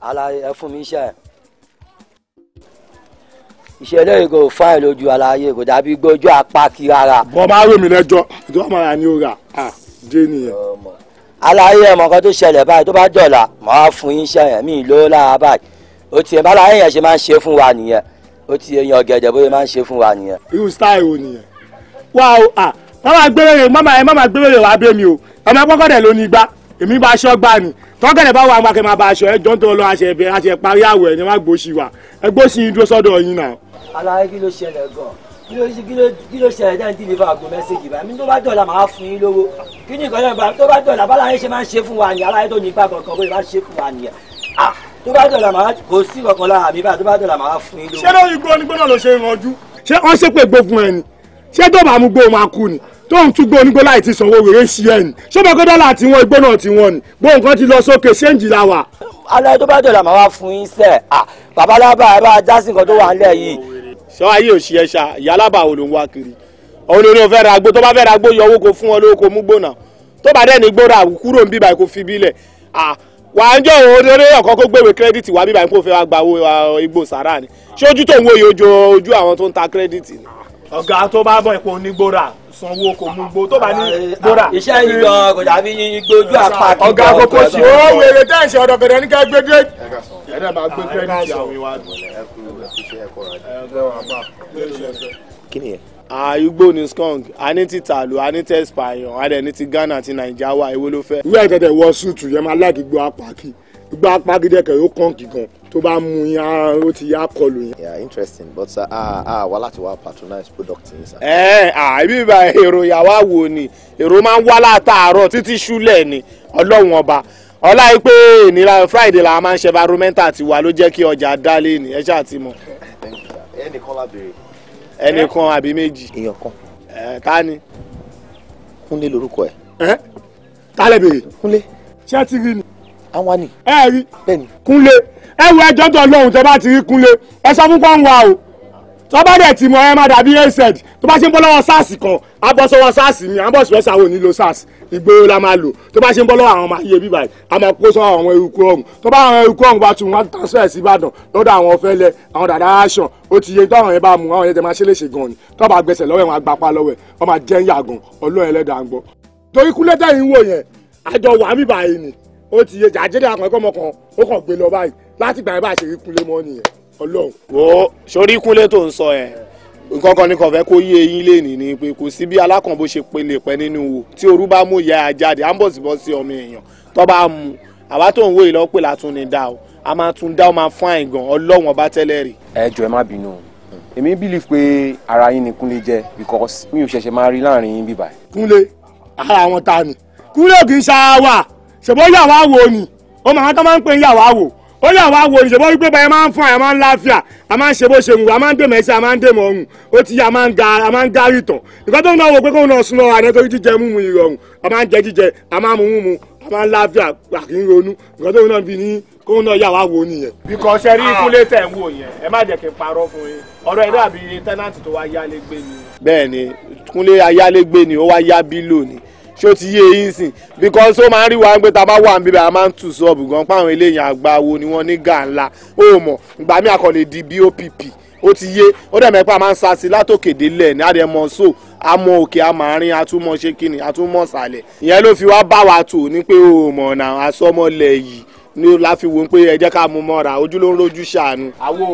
Speaker 3: alaye ẹ fún mi iṣẹ́ yẹn ìṣẹ̀lẹ̀ ìgò fáìn lójú aláyé kò dàbí gbójú apá kí rárá. bọ́ bá rò mí lẹ́jọ́ ìjọba máa ra ni ó rà á jẹ́ nìyẹn. aláyé ẹ̀ mọ̀kan tó ṣẹlẹ̀ báyìí tó bá dọ̀là màá fún yín sẹ́yìn mí ló lára báyìí ó tiẹ̀ bá aláyé yẹn ṣe máa ń ṣe fún wa nìyẹn ó ti yan ọ̀gẹ̀dẹ̀ bóyá máa ń ṣe fún wa nìyẹn. irú style wo nìyẹn wá o Mama, máma gbélére máma ẹ máma gbélére wàá bẹ́ mi o ọmọ pọ́kọ́dẹ̀ ló ní gbá èmi bá aṣọ gbá ni tọ́kẹ̀dẹ̀ bá wà máa kẹ́ máa bá aṣọ ẹ jọ́ntọ́ lọ aṣẹ ẹ̀bẹ̀ aṣẹ parí àwẹ̀ ẹ̀ ní wàá gbóṣì wà ẹ gbóṣì dúró sọ́dọ̀ yín náà aláyé kí ló ṣẹlẹ̀ gan kí ló kí ló kí ló ṣẹlẹ̀ dẹ́n tí ìlú àgọ́ mẹ́sẹ̀gì báyìí mi tó bá dọ̀là máa fún yín lówó kí ni nǹkan náà tó bá dọ̀là bá láyé ṣe máa ń ṣe fún wa ni aláyé tó ní ipa kankan bó lè má ṣe fún wa nìyẹn ah tó bá dọ̀là máa kò sí kankan lára mi báyìí tó bá dọ̀là máa fún yín lówó. ṣé lóyún gbọ́ ni gbọ́dọ̀ ló ṣe ìrànjú. ṣé wọ́n ṣépè gbógun ẹ̀ ni ṣé dọ̀bà mú gbó máa kú ni tóun tún gbó onígbó láì ti sanwó wèrè ṣí ẹ ni ṣé bẹ́ẹ̀ kọ́dọ́ láti wọn igbó náà ti wọn ni gbó nǹkan ti lọ sókè ṣé ń jìlá wa. aláyé tó bá dọ̀là máa wá fún yín sẹ́ẹ̀ ah babalábà ẹ bá dá sí nǹkan tó wà ń lẹ̀ yìí ṣé wàá yìí ò ṣe ẹṣà ìyá alábàwò ló ń wá kiri òun ló ní o fẹ́ ra gbó tó bá fẹ́ ra gbó yọ owó kó fún ọ lówó kó mú gbóná tó bá dẹ̀ ní gbóra kúrò ń bíbáyìí kó fi bílẹ̀ wà á ń jọ òun lórí ọ̀kan kó gbèwé kírẹ́dìtì wá bíbáyìí kó fẹ́ wá gba owó igbó sàrà ni ṣé ojú tó ń wo iye ojú àwọn tó ń ta kírẹ́dìtì ni. ọ̀gá tó bá bọ̀ ìpò onígbóra sanwó kò mú gbó tó bá ní bóra. iṣẹ́ yìí gan kò dàbí gbójú apá kí n bọ̀ ọ̀gá àkókò sí ó wèrè tẹ́ǹsì ọ̀dọ̀ gẹ̀dẹ̀ ní ká gbé dé. ẹ̀rẹ́ máa gbé kírẹ́dìtì àwọn iwájú. kí ni yẹn. àyùgbò ni skunk a ní ti tàlù a ní tẹ́sí pààyàn a dẹ̀ ní ti Ghana àti Nàìjíríà wa èwo ló fẹ́. wíwá ìtẹ̀tẹ̀ wọ gba pagidẹkẹ ó kàn kíkan tó bá mú yín ó ti yá kọlù yín. yeah interesting but sir ah ah wá láti wá patronize product yín sir. ẹ ẹ ibi ìbá èrò ìyàwó àwò ni èrò máa ń wá látàárọ̀ títí ṣúlẹ̀ ni ọlọ́run ọba ọlá yìí pé ìnira friday la máa ń ṣe environmental tiwa ló jẹ́ kí ọjà dálé ni ẹ ṣáà ti mọ̀. ẹnìkan lábẹ́rẹ́. ẹnìkan àbí méjì. èèyàn kan. ẹ ta ni. kúnlé lorúkọ ẹ. ẹ tálẹ̀ bèrè. kúnlé. ṣé ẹ ti rí ni àwọn ni. ẹ rí kúnlé ẹ wo ẹjọ́ tó lọ́hùn tẹ́ bá ti rí kúnlé ẹ sọ fún pọ́ńwá o tó bá dẹ̀ ti mọ ẹ má dàbí ased tó bá ṣe ń bọ́ lọ́wọ́ sars kan abọ́sọ́wọ́ sars ni abọ́sọ́wọ́sà ò ní lo sars ìgboro la máa lò tó bá ṣe ń bọ́ lọ́wọ́ àwọn ọmọ ayé bíbá yìí a máa kó sọ àwọn eruku ọ̀hún tó bá àwọn eruku ọ̀hún bá tún wọn transfer sí Ìbàdàn lọ́dọ̀ àwọn ọ̀fẹ́lẹ̀ àwọn dàda aṣọ ó ti yẹ táwọn yẹn bá mú àwọn yẹn tẹ máa ṣe léṣe gan ni tó bá gbẹsẹ̀ lọ́wọ́ wọn agbapá lọ́wọ́ ẹ̀ wọ́n máa jẹ́ ń yàgàn ọlọ́ọ̀ẹ́lẹ́dàá ń gbọ́ torí kúlẹ́tẹ̀ yìí wò yẹn àjọ wàá bíbá yìí ni ó ti yé jàjẹ́dẹ́ àkànkọ́ ọmọkan ó kàn gbé lọ báyìí láti gbà bá ṣe kúnlé mọ́ nìyẹn ọlọ́run. wo sórí kúnlé tó ń sọ yẹn nǹkan kan ní kàn fẹ́ kó yé eyín lẹ́nìí ni pé kò sí bí alákànbó ṣe pele pẹ́ nínú wo tí òru bá mú ìyá àjáde à ń bọ̀ sí bọ́ sí ọmọ èèyàn tó bá mú àwa tó ń wò yìí lọ pé látún ni dá o a máa tún dá o máa fún àìgàn ọlọ́wọ̀n bá tẹ́lẹ̀ rí. ẹ jọ ẹ má bínú èmi believe pé ara yín ni kúnlé jẹ because mi ò ṣẹ̀ṣẹ̀ máa rí láàrin yín bíbá. kúnlé ara wọn ta ni kúnlé kì í ṣáá wà ṣèbó yàwá wò ni ó máa tó máa ń pè ń yàwá wò ó yàwá wò ni ṣèbó wípé báyìí máa ń fún àyà máa ń láfíà a máa ń ṣe bó ṣe wù a máa ń dèmọ̀ ẹsẹ̀ a máa ń dèmọ̀ ọ̀hún ó ti yà a máa ń ga a máa ń gárí tọ̀ nǹkan tó ń náwó pé kóun náà sún lọ́wọ́ àná torí jíjẹ múmu ìrọ̀rùn a máa ń jẹ jíjẹ a máa ń mu a máa ń láfíà àkì ń ronú nǹkan tóun náà fi ní kóun náà yàwá wò nìyẹn. bíkọ́ ṣe rí ikúlé tẹ̀ ń wò yẹn ẹ má jẹ́ kí n parọ́ fún yín ọ̀rọ̀ ẹ̀ dàbí tẹ́nàtì tó wá yálégbé ni. bẹ́ẹ̀ kúnlé ayálégbé ni ó wá yá bílò ni ṣó ti yé eyín sìn because ó máa ń rí wa pé tá a bá wà níbi a máa ń tù sọ́ọ̀bù gan páwọn eléyìí àgbáwo ni wọ́n ní gà ńlá ó mọ̀ ìgbà míì àkọlè di BOPP ó ti yé ó dẹ̀ mẹ́pà máa ń sa sí látòkè délẹ̀ ní àdèmọ̀ so àmọ́ òkè àmàrin àtúmọ̀ ṣé kíni àtúmọ̀ sàlẹ̀ ìyẹn ló fi wá bá wa tò ní pé ó mọ̀ náà asọ́mọ́lẹ̀ yìí ni la fi pé ẹ jẹ́ ká mú mọ́ra ojú ló ń rojú ṣàánú. àwo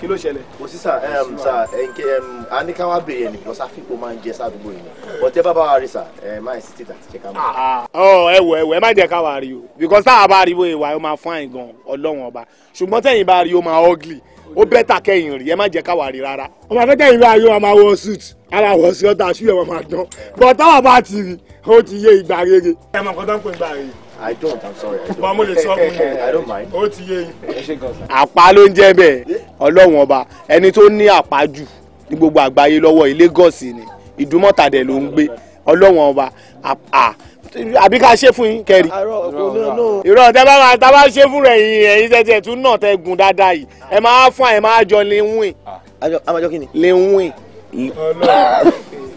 Speaker 3: kí ló ṣẹlẹ̀. kò sí sà sà ẹnkẹ a ní ká wá béèrè ẹni lọ sáfìpò máa ń jẹ sádùúgbò yìí bọ̀tẹ́ bá bá wa rí sà ẹ má ẹ̀ sí títà ṣe ká mọ̀. ọ ah, ah. oh, ẹ wọ ẹ wọ ẹ má jẹ ká wà rí o because tá a bá rí wọ́n ìwà ẹ máa fún àìgàn ọlọ́wọ̀n ọba ṣùgbọ́n tẹ̀yìn bá rí o máa ugly ó bẹ́tà kẹ́yìn rí ẹ má jẹ ká wà rí rárá. ọmọ akẹ́kẹ́ yìí bá yọ máa wọ suit ara wọ̀ sí ọ̀tà sí ẹ̀ wọ́n máa dán bọ̀tá wà bá ti rí I don't, I'm sorry. Bá lè sọ fún mi. I don't mind. Ó ti yé yín. Àpá ló ń jẹ́ bẹ́ẹ̀. Ọlọ́run ọba ẹni tó ní àpá jù ní gbogbo àgbáyé lọ́wọ́ ilé gọ̀ọ̀sì ni ìdúmọ̀tà dẹ̀ ló ń gbé Ọlọ́run ọba àpá àbí ká ṣe fún yín kẹrì. irọ́ tẹ bá máa tá a bá ṣe fún rẹ̀ yìí ẹ̀yin tẹ́tí ẹ̀ tún náà tẹ gùn dáadáa yìí ẹ máa fún ẹ máa jọ lè wìn. kí ni. lè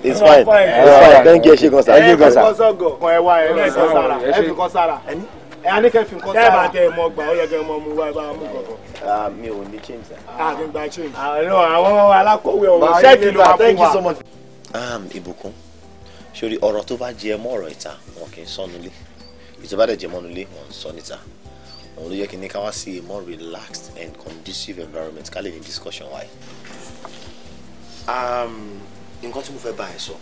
Speaker 3: it's fine it's fine thank you ẹ ṣe kan sá. ẹ ṣe kan sá. ẹ fi kọ́ ẹ wá ẹ fi kọ́ sára ẹ fi kọ́ sára ẹ a ní kẹ́ fi kọ́ sára. ẹ bá tẹ ẹ mọ gbà ó yẹ kẹ́ ẹ mọ mu wá ah, change sir. a kì í change. I ah, alákọ̀wé ọ̀rọ̀ ṣẹ́ẹ̀kì ló wà fún wa. Um, ìbùkún sórí ọ̀rọ̀ tó bá jẹ mọ́ ọ̀rọ̀ ìta wọn kì í sọnù lé ìjọba dẹ̀ jẹ mọ́nu lé wọn sọ níta a more relaxed and conducive environment ká lè ní discussion wáyé. Um, nǹkan tí mo fẹ́ bá ẹ sọ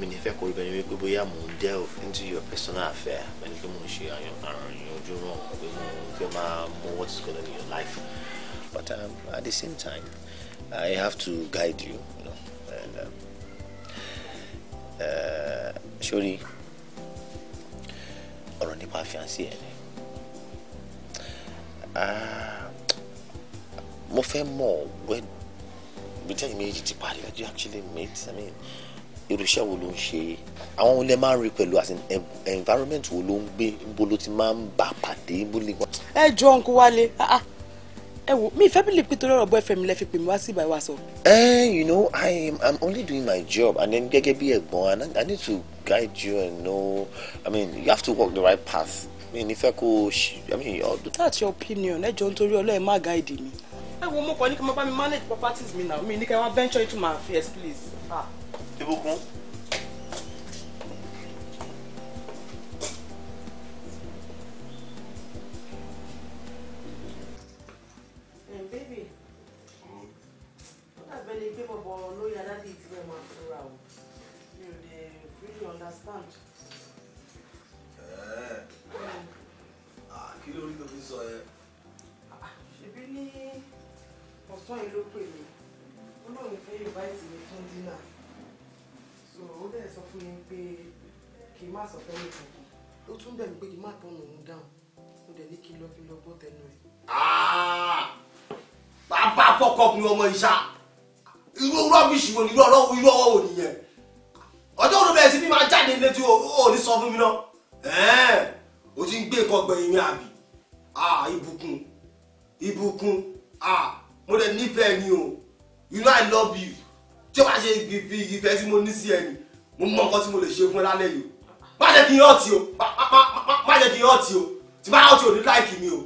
Speaker 3: mi ní fẹ́ kórìí bẹ́ẹ̀ wípé bóyá mò ń delve into your personal affair ẹni pé mò ń ṣe àràyàn ojú ràn pé mo fẹ́ máa mọ what is going on in your life but um, at the same time I have to guide you, you know, and, um, uh, sori ọ̀rọ̀ nípa fiancé ẹ̀ ni ah, mo fẹ́ mọ̀ wẹ́dọ̀ ibi tẹ́yìn méjì ti parí that you actually meet i mean irúṣẹ́ wo ló ń ṣe àwọn olè máa ń rí pẹ̀lú as in environment wo ló ń gbé níbo ló ti máa ń bà pàdé níbo lè wá. ẹ jọ ọ̀nkú wálé ẹ wò mí ìfẹ́ bìlì pítorí ọ̀rọ̀ bọ́ ẹ̀fẹ̀ mi
Speaker 2: lẹ́ pè mí wá sí ìbáyìí wá sọ.
Speaker 3: you know i am i'm only doing my job and then gẹ́gẹ́ bí ẹ̀gbọ́n i need to guide you and know i mean you have to walk the right path mi ní fẹ́ kó o ṣe i mean.
Speaker 2: that's your opinion ẹ jọ nítorí ọlọ́ọ̀ ẹ má guide mi. I wo mo kàn ní kí n máa manage properties me now. Me, ní kí n venture into my affairs please.
Speaker 3: ìbùkún. Ah. ọkọkùnrin ọmọ ìṣá irú rọ́bìṣì wo ni irú ọlọ́wọ́ irú ọwọ́ wò ọjọ́ òru bẹ̀rẹ̀ sí ni máa jáde létí o ní sọ fún mi náà o ti ń gbé ìkọgbẹ ìrìn àbí ìbùkún ìbùkún mo dẹ̀ nífẹ̀ẹ́ ni o you know i love you tí o bá ṣe ibi ìfẹ́ tí mo ní sí ẹni mo mọ nǹkan tí mo lè ṣe fún ẹ lálẹ́ yìí má jẹ́ kí n yọ̀ tí o má jẹ́ kí n yọ̀ tí o tí bá yọ̀ tí o ní láìkì mi o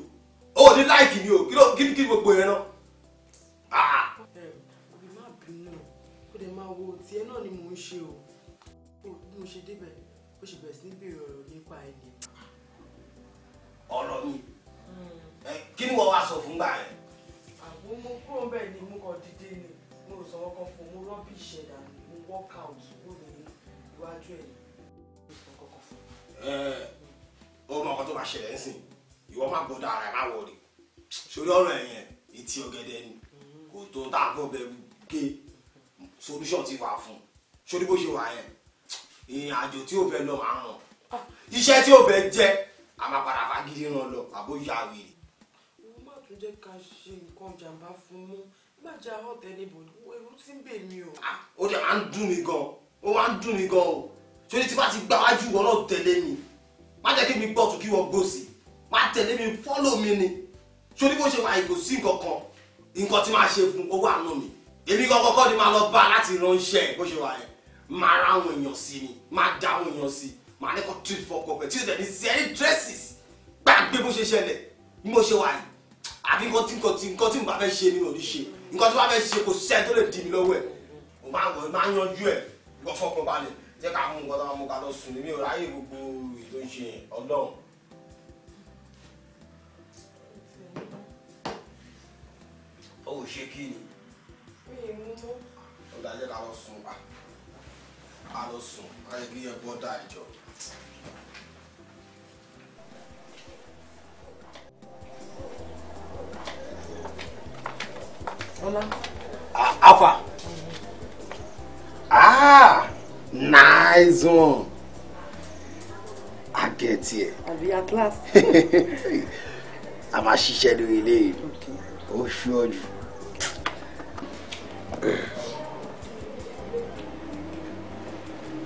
Speaker 3: o ní láìkì mi o kí ló kí ni gbogbo yẹn náà òbí
Speaker 2: má bínú kó dẹ̀ máa wo tiẹ̀ náà ni mò ń ṣe o bí mo ṣe débẹ̀ ó ṣe bẹ̀rẹ̀ sí ní béèrè ọ̀rọ̀ nípa ẹni.
Speaker 3: ọ̀rọ̀ mi hmm. kí ni wọ́n wá sọ fún gbà yẹn.
Speaker 2: àwọn ọmọ kúrò bẹ́ẹ̀ ni mo kàn dìde ni mo rò sọ̀rọ̀ kan fún mo rọ́bì ìṣẹ̀dá mo work out kúrò ní iwájú ẹ̀
Speaker 3: ó mọ ọkọ tó máa ṣẹlẹ̀ ń sìn ìwọ má gbọ́dọ̀ ara ẹ̀ má wọlé sórí ọ̀rọ̀ ẹ̀yẹn etí ọ̀gẹ̀dẹ̀ ni kò tó tá a fọ bẹ̀rù pé solution ti wà fún sórí bó ṣe wà yẹn ìrìn àjò tí ò fẹ́ lọ máa ràn iṣẹ́ tí ò fẹ́ jẹ́ àmàpàràpà gidi ràn lọ àbó ya wèrè.
Speaker 2: mo má tún jẹ́ ká ṣe nǹkan jàǹbá fún mú gbàjà ọ̀tẹ̀ níbo ẹrú tí ń bè mí o. Ah,
Speaker 3: ó dẹ̀ máa ń dùn mí gan ó máa ń dùn mí gan o sórí tí bá ti gbáwájú wọn náà tẹ̀lé mi má jẹ́ kí mi gbọ́tù kí wọ́n gbòsì má tẹ̀lé mi fọ́lọ́ mi ni sórí bó ṣe wà ìgòsí nǹkan kan nǹkan tí máa ṣe fún owó àánú mi èmi kọ́kọ́ kọ́ ni máa lọ bá láti ránṣẹ́ bó ṣe wà yẹn máa ra àwọn èèyàn sí ni máa da àwọn èèyàn sí máa ní kọ́ treat for kọ́pẹ́ tí o tẹ̀ ní sẹ́rí dresses gbàgbé bó ṣe ṣẹlẹ̀ bí mo ṣe wà yìí àbí nǹkan tí nǹkan tí nǹkan tí mo bá fẹ́ ṣe ni mo ní ṣe nǹkan tí mo bá fẹ́ ṣe kò sẹ́ni tó lè dì mí lọ́wọ́ ẹ̀ mo máa wọ̀ máa yanjú ẹ̀ nǹkan fọkànbalẹ̀ jẹ́ ká mú nǹkan tó máa mú ká lọ sùn ní mi ò ráyè gbogbo ètò ìṣe ọlọ́run ó ò ṣe kí ni.
Speaker 2: mi ì mú mọ́. sun.
Speaker 3: dájẹ́ ká lọ sùn pa ah, á lọ sùn á yẹ kí yẹn bọ́ dá ìjọ. Ah, Alpha. Ah, nice one. I get here. I be at last. I'm a ṣiṣẹ́ lórí ilé. Okay. Ó ṣojú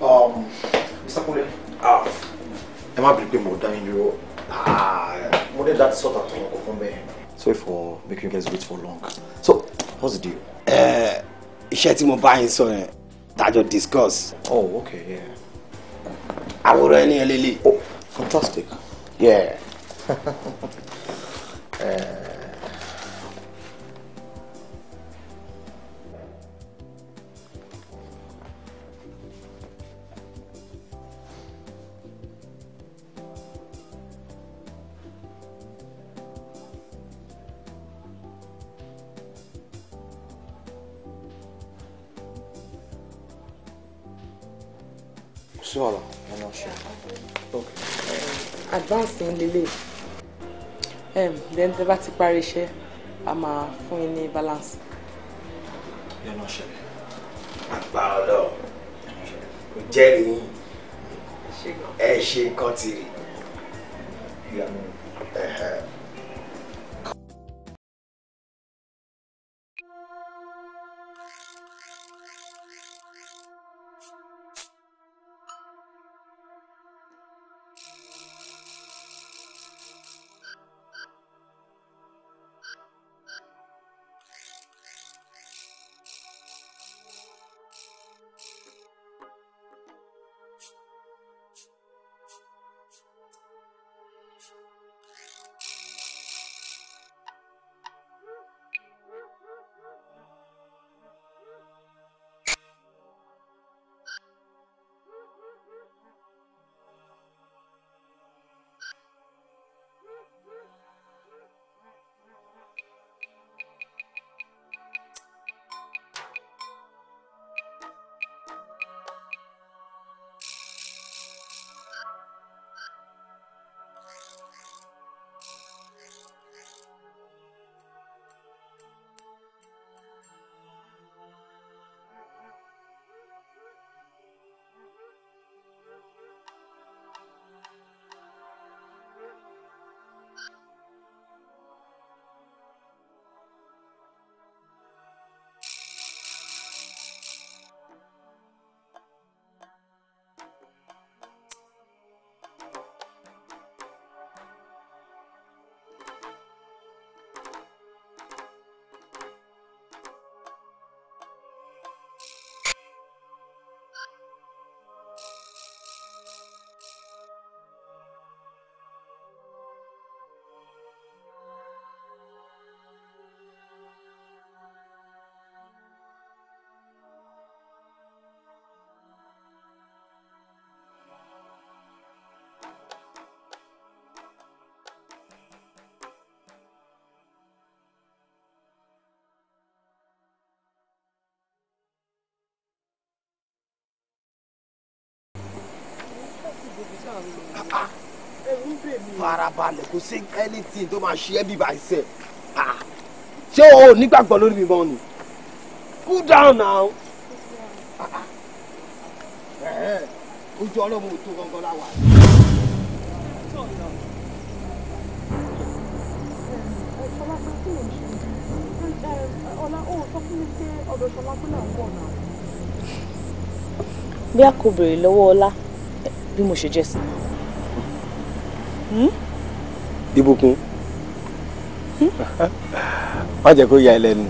Speaker 3: um, Mr. Kule, ah. ẹ má bìí pé mo dá yín dúró. Ah, mo dé láti sọ̀tà tó wọn kò fún Sorry for making you guys wait for long. So, what's the deal? eh iṣẹ́ tí mo bá yín sọ yẹn tájọ discuss. Oh, okay, yeah. Àwòrán ẹni ẹ lélẹ̀. Oh, fantastic. Yeah. uh,
Speaker 1: sí wàhálà wọn náà ṣe.
Speaker 2: advance ń lélẹ̀ then the bá parish parí iṣẹ́ a máa fún yín ní balance.
Speaker 3: yẹn náà ṣẹlẹ̀. àgbà ọlọ kò jẹ́rìí ẹ ṣe nǹkan tìrì. farabalẹ̀ kò sí anything tó máa ṣe ẹ́ bíbá ẹsẹ̀ ṣé o nígbàgbọ́ lórí mi mọ́ ni cool down now ojú ọlọ́mọ tó gangan la wà.
Speaker 2: bí a kò béèrè lọ́wọ́ ọlá bí mo ṣe jẹ́ sí.
Speaker 3: ìbùkún hmm? hmm? má jẹ́ kó ya ẹ lẹ́nu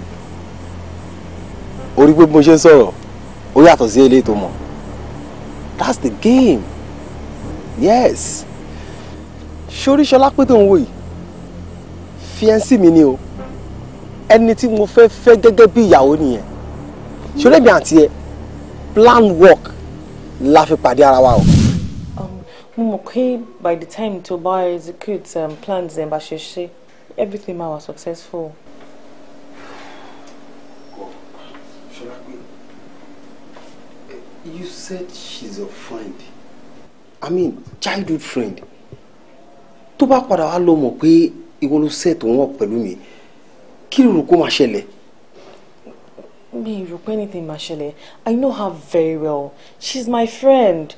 Speaker 3: orí pé bí mo ṣe ń sọ̀rọ̀ ó yàtọ̀ sí eléyìí tó mọ̀ that's the game yes ṣoríṣọlá pé tó ń wò yìí fiẹ́ǹsì mi ni o ẹni tí mo fẹ́ fẹ́ gẹ́gẹ́ bí ìyàwó nìyẹn ṣoré mi àti ẹ plan work la fi pàdé ara wa o
Speaker 2: mo by the time tó bá execute um, plans ẹ̀ bá ṣe ṣe everything máa successful.
Speaker 3: You said she's a friend. I mean, childhood friend. Toba, bá padà wá lọ mọ̀ pé ìwọ ló set òun ọ̀ pẹ̀lú mi, kí ló rò kó máa ṣẹlẹ̀?
Speaker 2: anything máa ṣẹlẹ̀. I know her very well. She's my friend.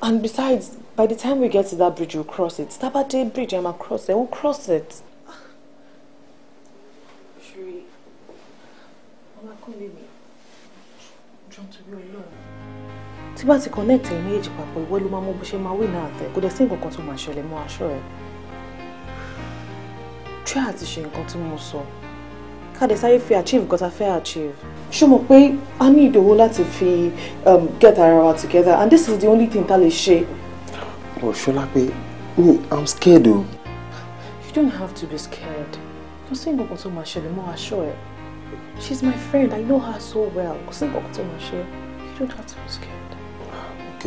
Speaker 2: And besides, by the time we get to that bridge, we'll cross it. Tabate Bridge, I'm across it. We'll cross it.
Speaker 1: Shuri, Mama, come with me. John, be alone.
Speaker 2: Tí bá ti connect ẹ̀ méjì papọ̀, ìwọ ló máa mọ bó ṣe máa wí náà tẹ̀. Kò dẹ̀ sí nǹkan kan tó máa ṣẹlẹ̀ mọ́ aṣọ ẹ̀. Try àti ṣe nǹkan tí mo So káde sáré fi achieve nǹkan tá a fẹ́ achieve. ṣé mo pé a ní ìdòwò láti fi um, get ara wa together and this is the only thing tá a lè ṣe.
Speaker 3: bọ̀ ṣọlá pé me i'm scared o.
Speaker 2: you don't have to be scared kò sí nǹkan kan tó máa ṣẹlẹ̀ mọ́ aṣọ ẹ̀ she's my friend i know her so well kò sí nǹkan kan tó máa ṣe you don't have to be scared.
Speaker 4: ok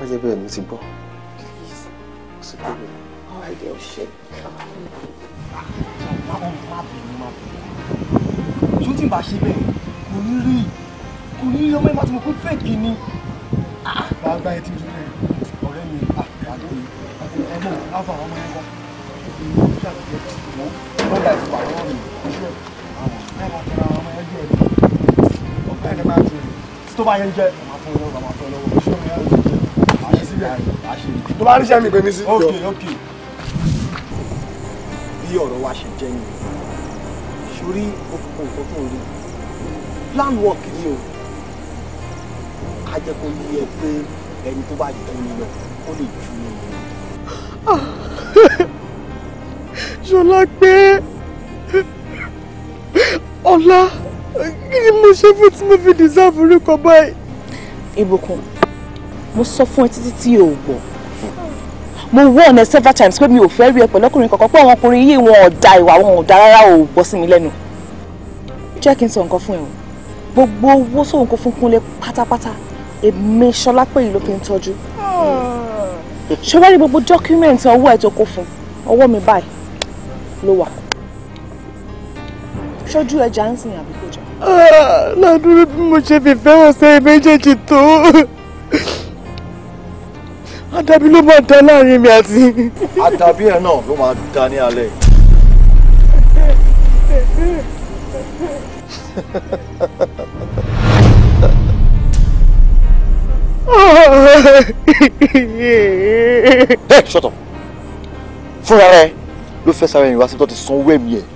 Speaker 4: má jẹ́ bẹ́ẹ̀ mi ti gbọ́ kò sí pé mi.
Speaker 3: all ṣe. Mama, ṣùgbọ́n tí n bá ṣe bẹ́ẹ̀ kò ní rí kò ní rí ọmọ ẹ̀ máa ti mọ̀ pé ni ah, bá a gba ẹ ti rí rẹ ọ̀rẹ́ mi ah, àgbàdo mi ọmọ àfà ọmọ ẹ̀ kọ́ wọ́n dà sí pàrọ̀ mi ṣe àwọn ẹ̀ máa tẹ̀ra ọmọ ẹ̀ ọ̀pẹ́ ẹ̀ máa jẹ́ tó bá yẹn jẹ́ ọmọ afọ lọ́wọ́ ọmọ afọ lọ́wọ́ ṣé mi pè rí okùnkùn nǹkan tó ń rí plan work yìí o ká jẹ́ kó yí ẹ pé ẹni tó bá jù ní lọ ó lè jù ní lọ. ṣọlá pé
Speaker 2: ọlá kí ni mo ṣe fún tí mo fi deserve orúkọ báyìí. ìbùkún mo sọ fún ẹ títí tí o gbọ́ mo warn ẹ several times pé mi ò fẹ́ rí ẹ pẹ̀lú ọkùnrin kankan pé àwọn ọkùnrin yìí wọn ò da ìwà wọn ò da rárá ò bọ́ sí mi lẹ́nu jẹ́ kí n sọ nǹkan fún ẹ o gbogbo owó sóhun kó fún Kúnlé pátápátá èmi Ṣọlá pé yìí ló fi ń tọ́jú
Speaker 1: hmm.
Speaker 2: ṣé wàá rí gbogbo dọ́kúmẹ̀ntì ọwọ́ ẹ̀ tó kó fún ọwọ́ mi báyìí ló wà ṣojú ẹja ń sìn àbí kò
Speaker 1: jẹ. Ah, ládùúgbò bí mo ṣe fìfẹ́ wọ̀ sẹ́yìn méjèèjì tó
Speaker 4: àdàbí ló máa da láàrin mi àti. àdàbí ẹ náà ló máa da ní alẹ́.
Speaker 3: hey shut up fúnra rẹ ló fẹ́ sáré ìwásí tó ti sanwó ẹ̀mí ẹ̀.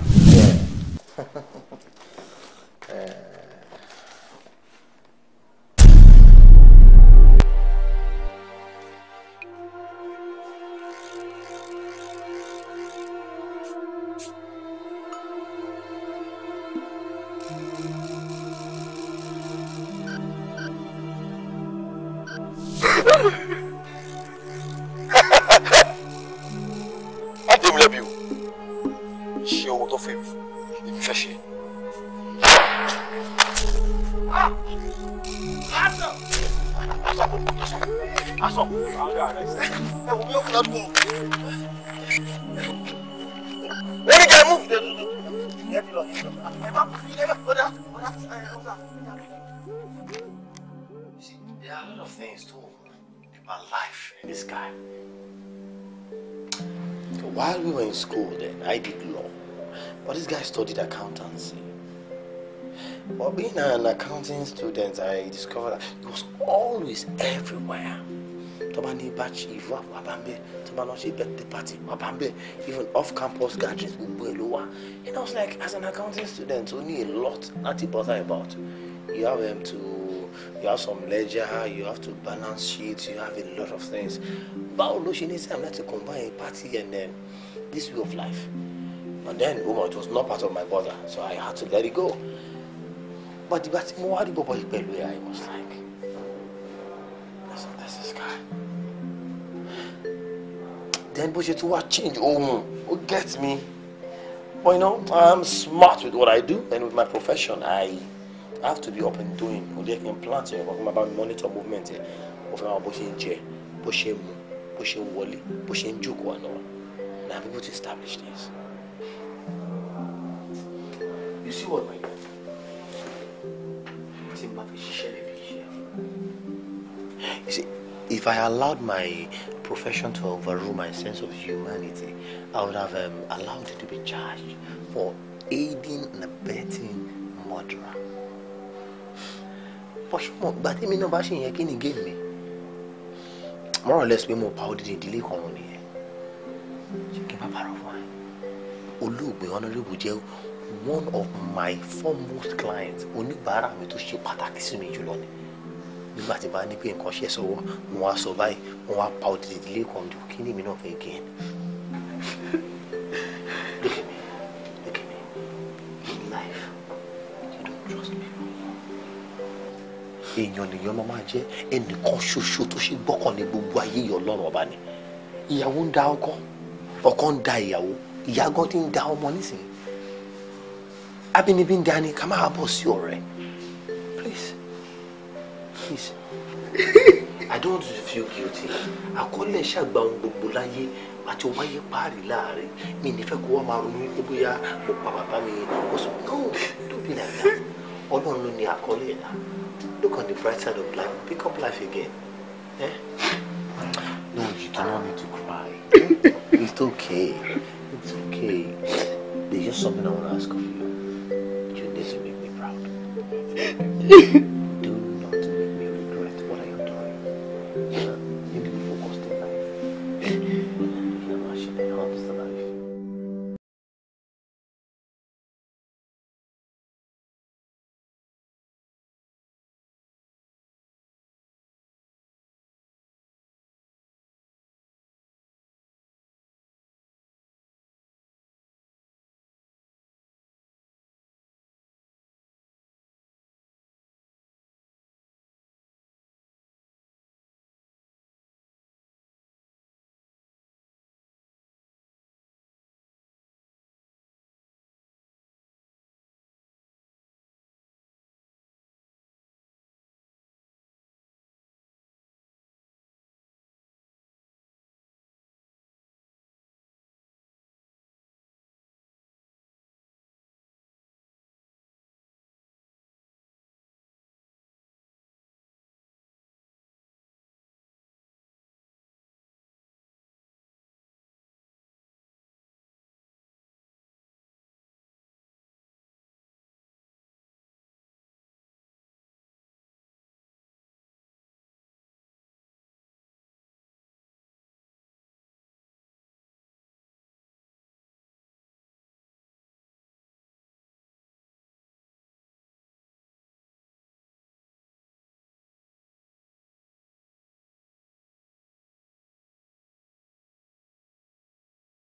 Speaker 3: life in this guy. While we were in school then, I did law. But this guy studied accountancy. But being an accounting student, I discovered that he was always everywhere. Tobani batch Wabambe, Tobanoshi birthday party Wabambe, even off campus gatherings Ubuelua. And I was like, as an accounting student, only a lot not to bother about. You have um, to you have some ledger, you have to balance sheets, you have a lot of things báwo ló ṣe ní time to combine party and um, this way of life and then omo oh it was not part of my brother, so I had to let it go but ìgbà tí mo wá rí bọ̀bọ̀ yìí pẹ̀lú I was like this is this guy then bó ṣe to wá change ohun ó gets me but you know I'm smart with what I do and with my profession I. have to be up and doing ó jẹ́ kí n plan yẹn kó monitor movement yẹn mo fẹ́ máa bó ṣe ń jẹ pushing ṣe ń mu bó I'm to establish this. You see what my You see if I allowed my profession to overrule my sense of humanity I would have um, allowed it to be charged for aiding and abetting murderer. bọ́sùmọ̀ gba tèmi náà bá ṣe yẹn kí ni géèmù mi more or less pé mo pa odidi ìdílé kan run nìyẹn
Speaker 2: ṣé kí n bá parọ́ fún ẹ
Speaker 3: olóògbé ọ̀nàlẹ́bù jẹ́ one of my foremost clients oníbàárà mi tó ṣe pàtàkì sí mi jùlọ ni nígbà tí bá ní pé nǹkan ṣe sọ́wọ́ mo wá sọ báyìí mo wá pa odidi ìdílé kan jù kí ni èmi náà fẹ́ gé ẹ. èèyàn lèèyàn máa máa jẹ́ ẹnìkan ṣoṣo tó ṣe gbọ́kànlé gbogbo ayé yọ lọ́rùn ọba ni ìyàwó ń da ọkọ ọkọ ń da ìyàwó ìyá ti ń da ọmọ nísìnyí abínibí ń da ni ká máa bọ̀ sí ọ̀rẹ́ please please I don't feel guilty àkọọ́lẹ̀ ṣàgbà ohun gbogbo láyé àti wáyé páàrí láàrin mi nífẹ̀ẹ́ kó wá máa ronú wípé bóyá mo pa bàbá mi ó no don't be like that ọlọ́run ló ní àkọọ́lẹ̀ náà. Look on the bright side of life. Pick up life again. Eh? No, you do not need to cry. it's okay. It's okay. There's just something I want to ask of you. You need to make me proud.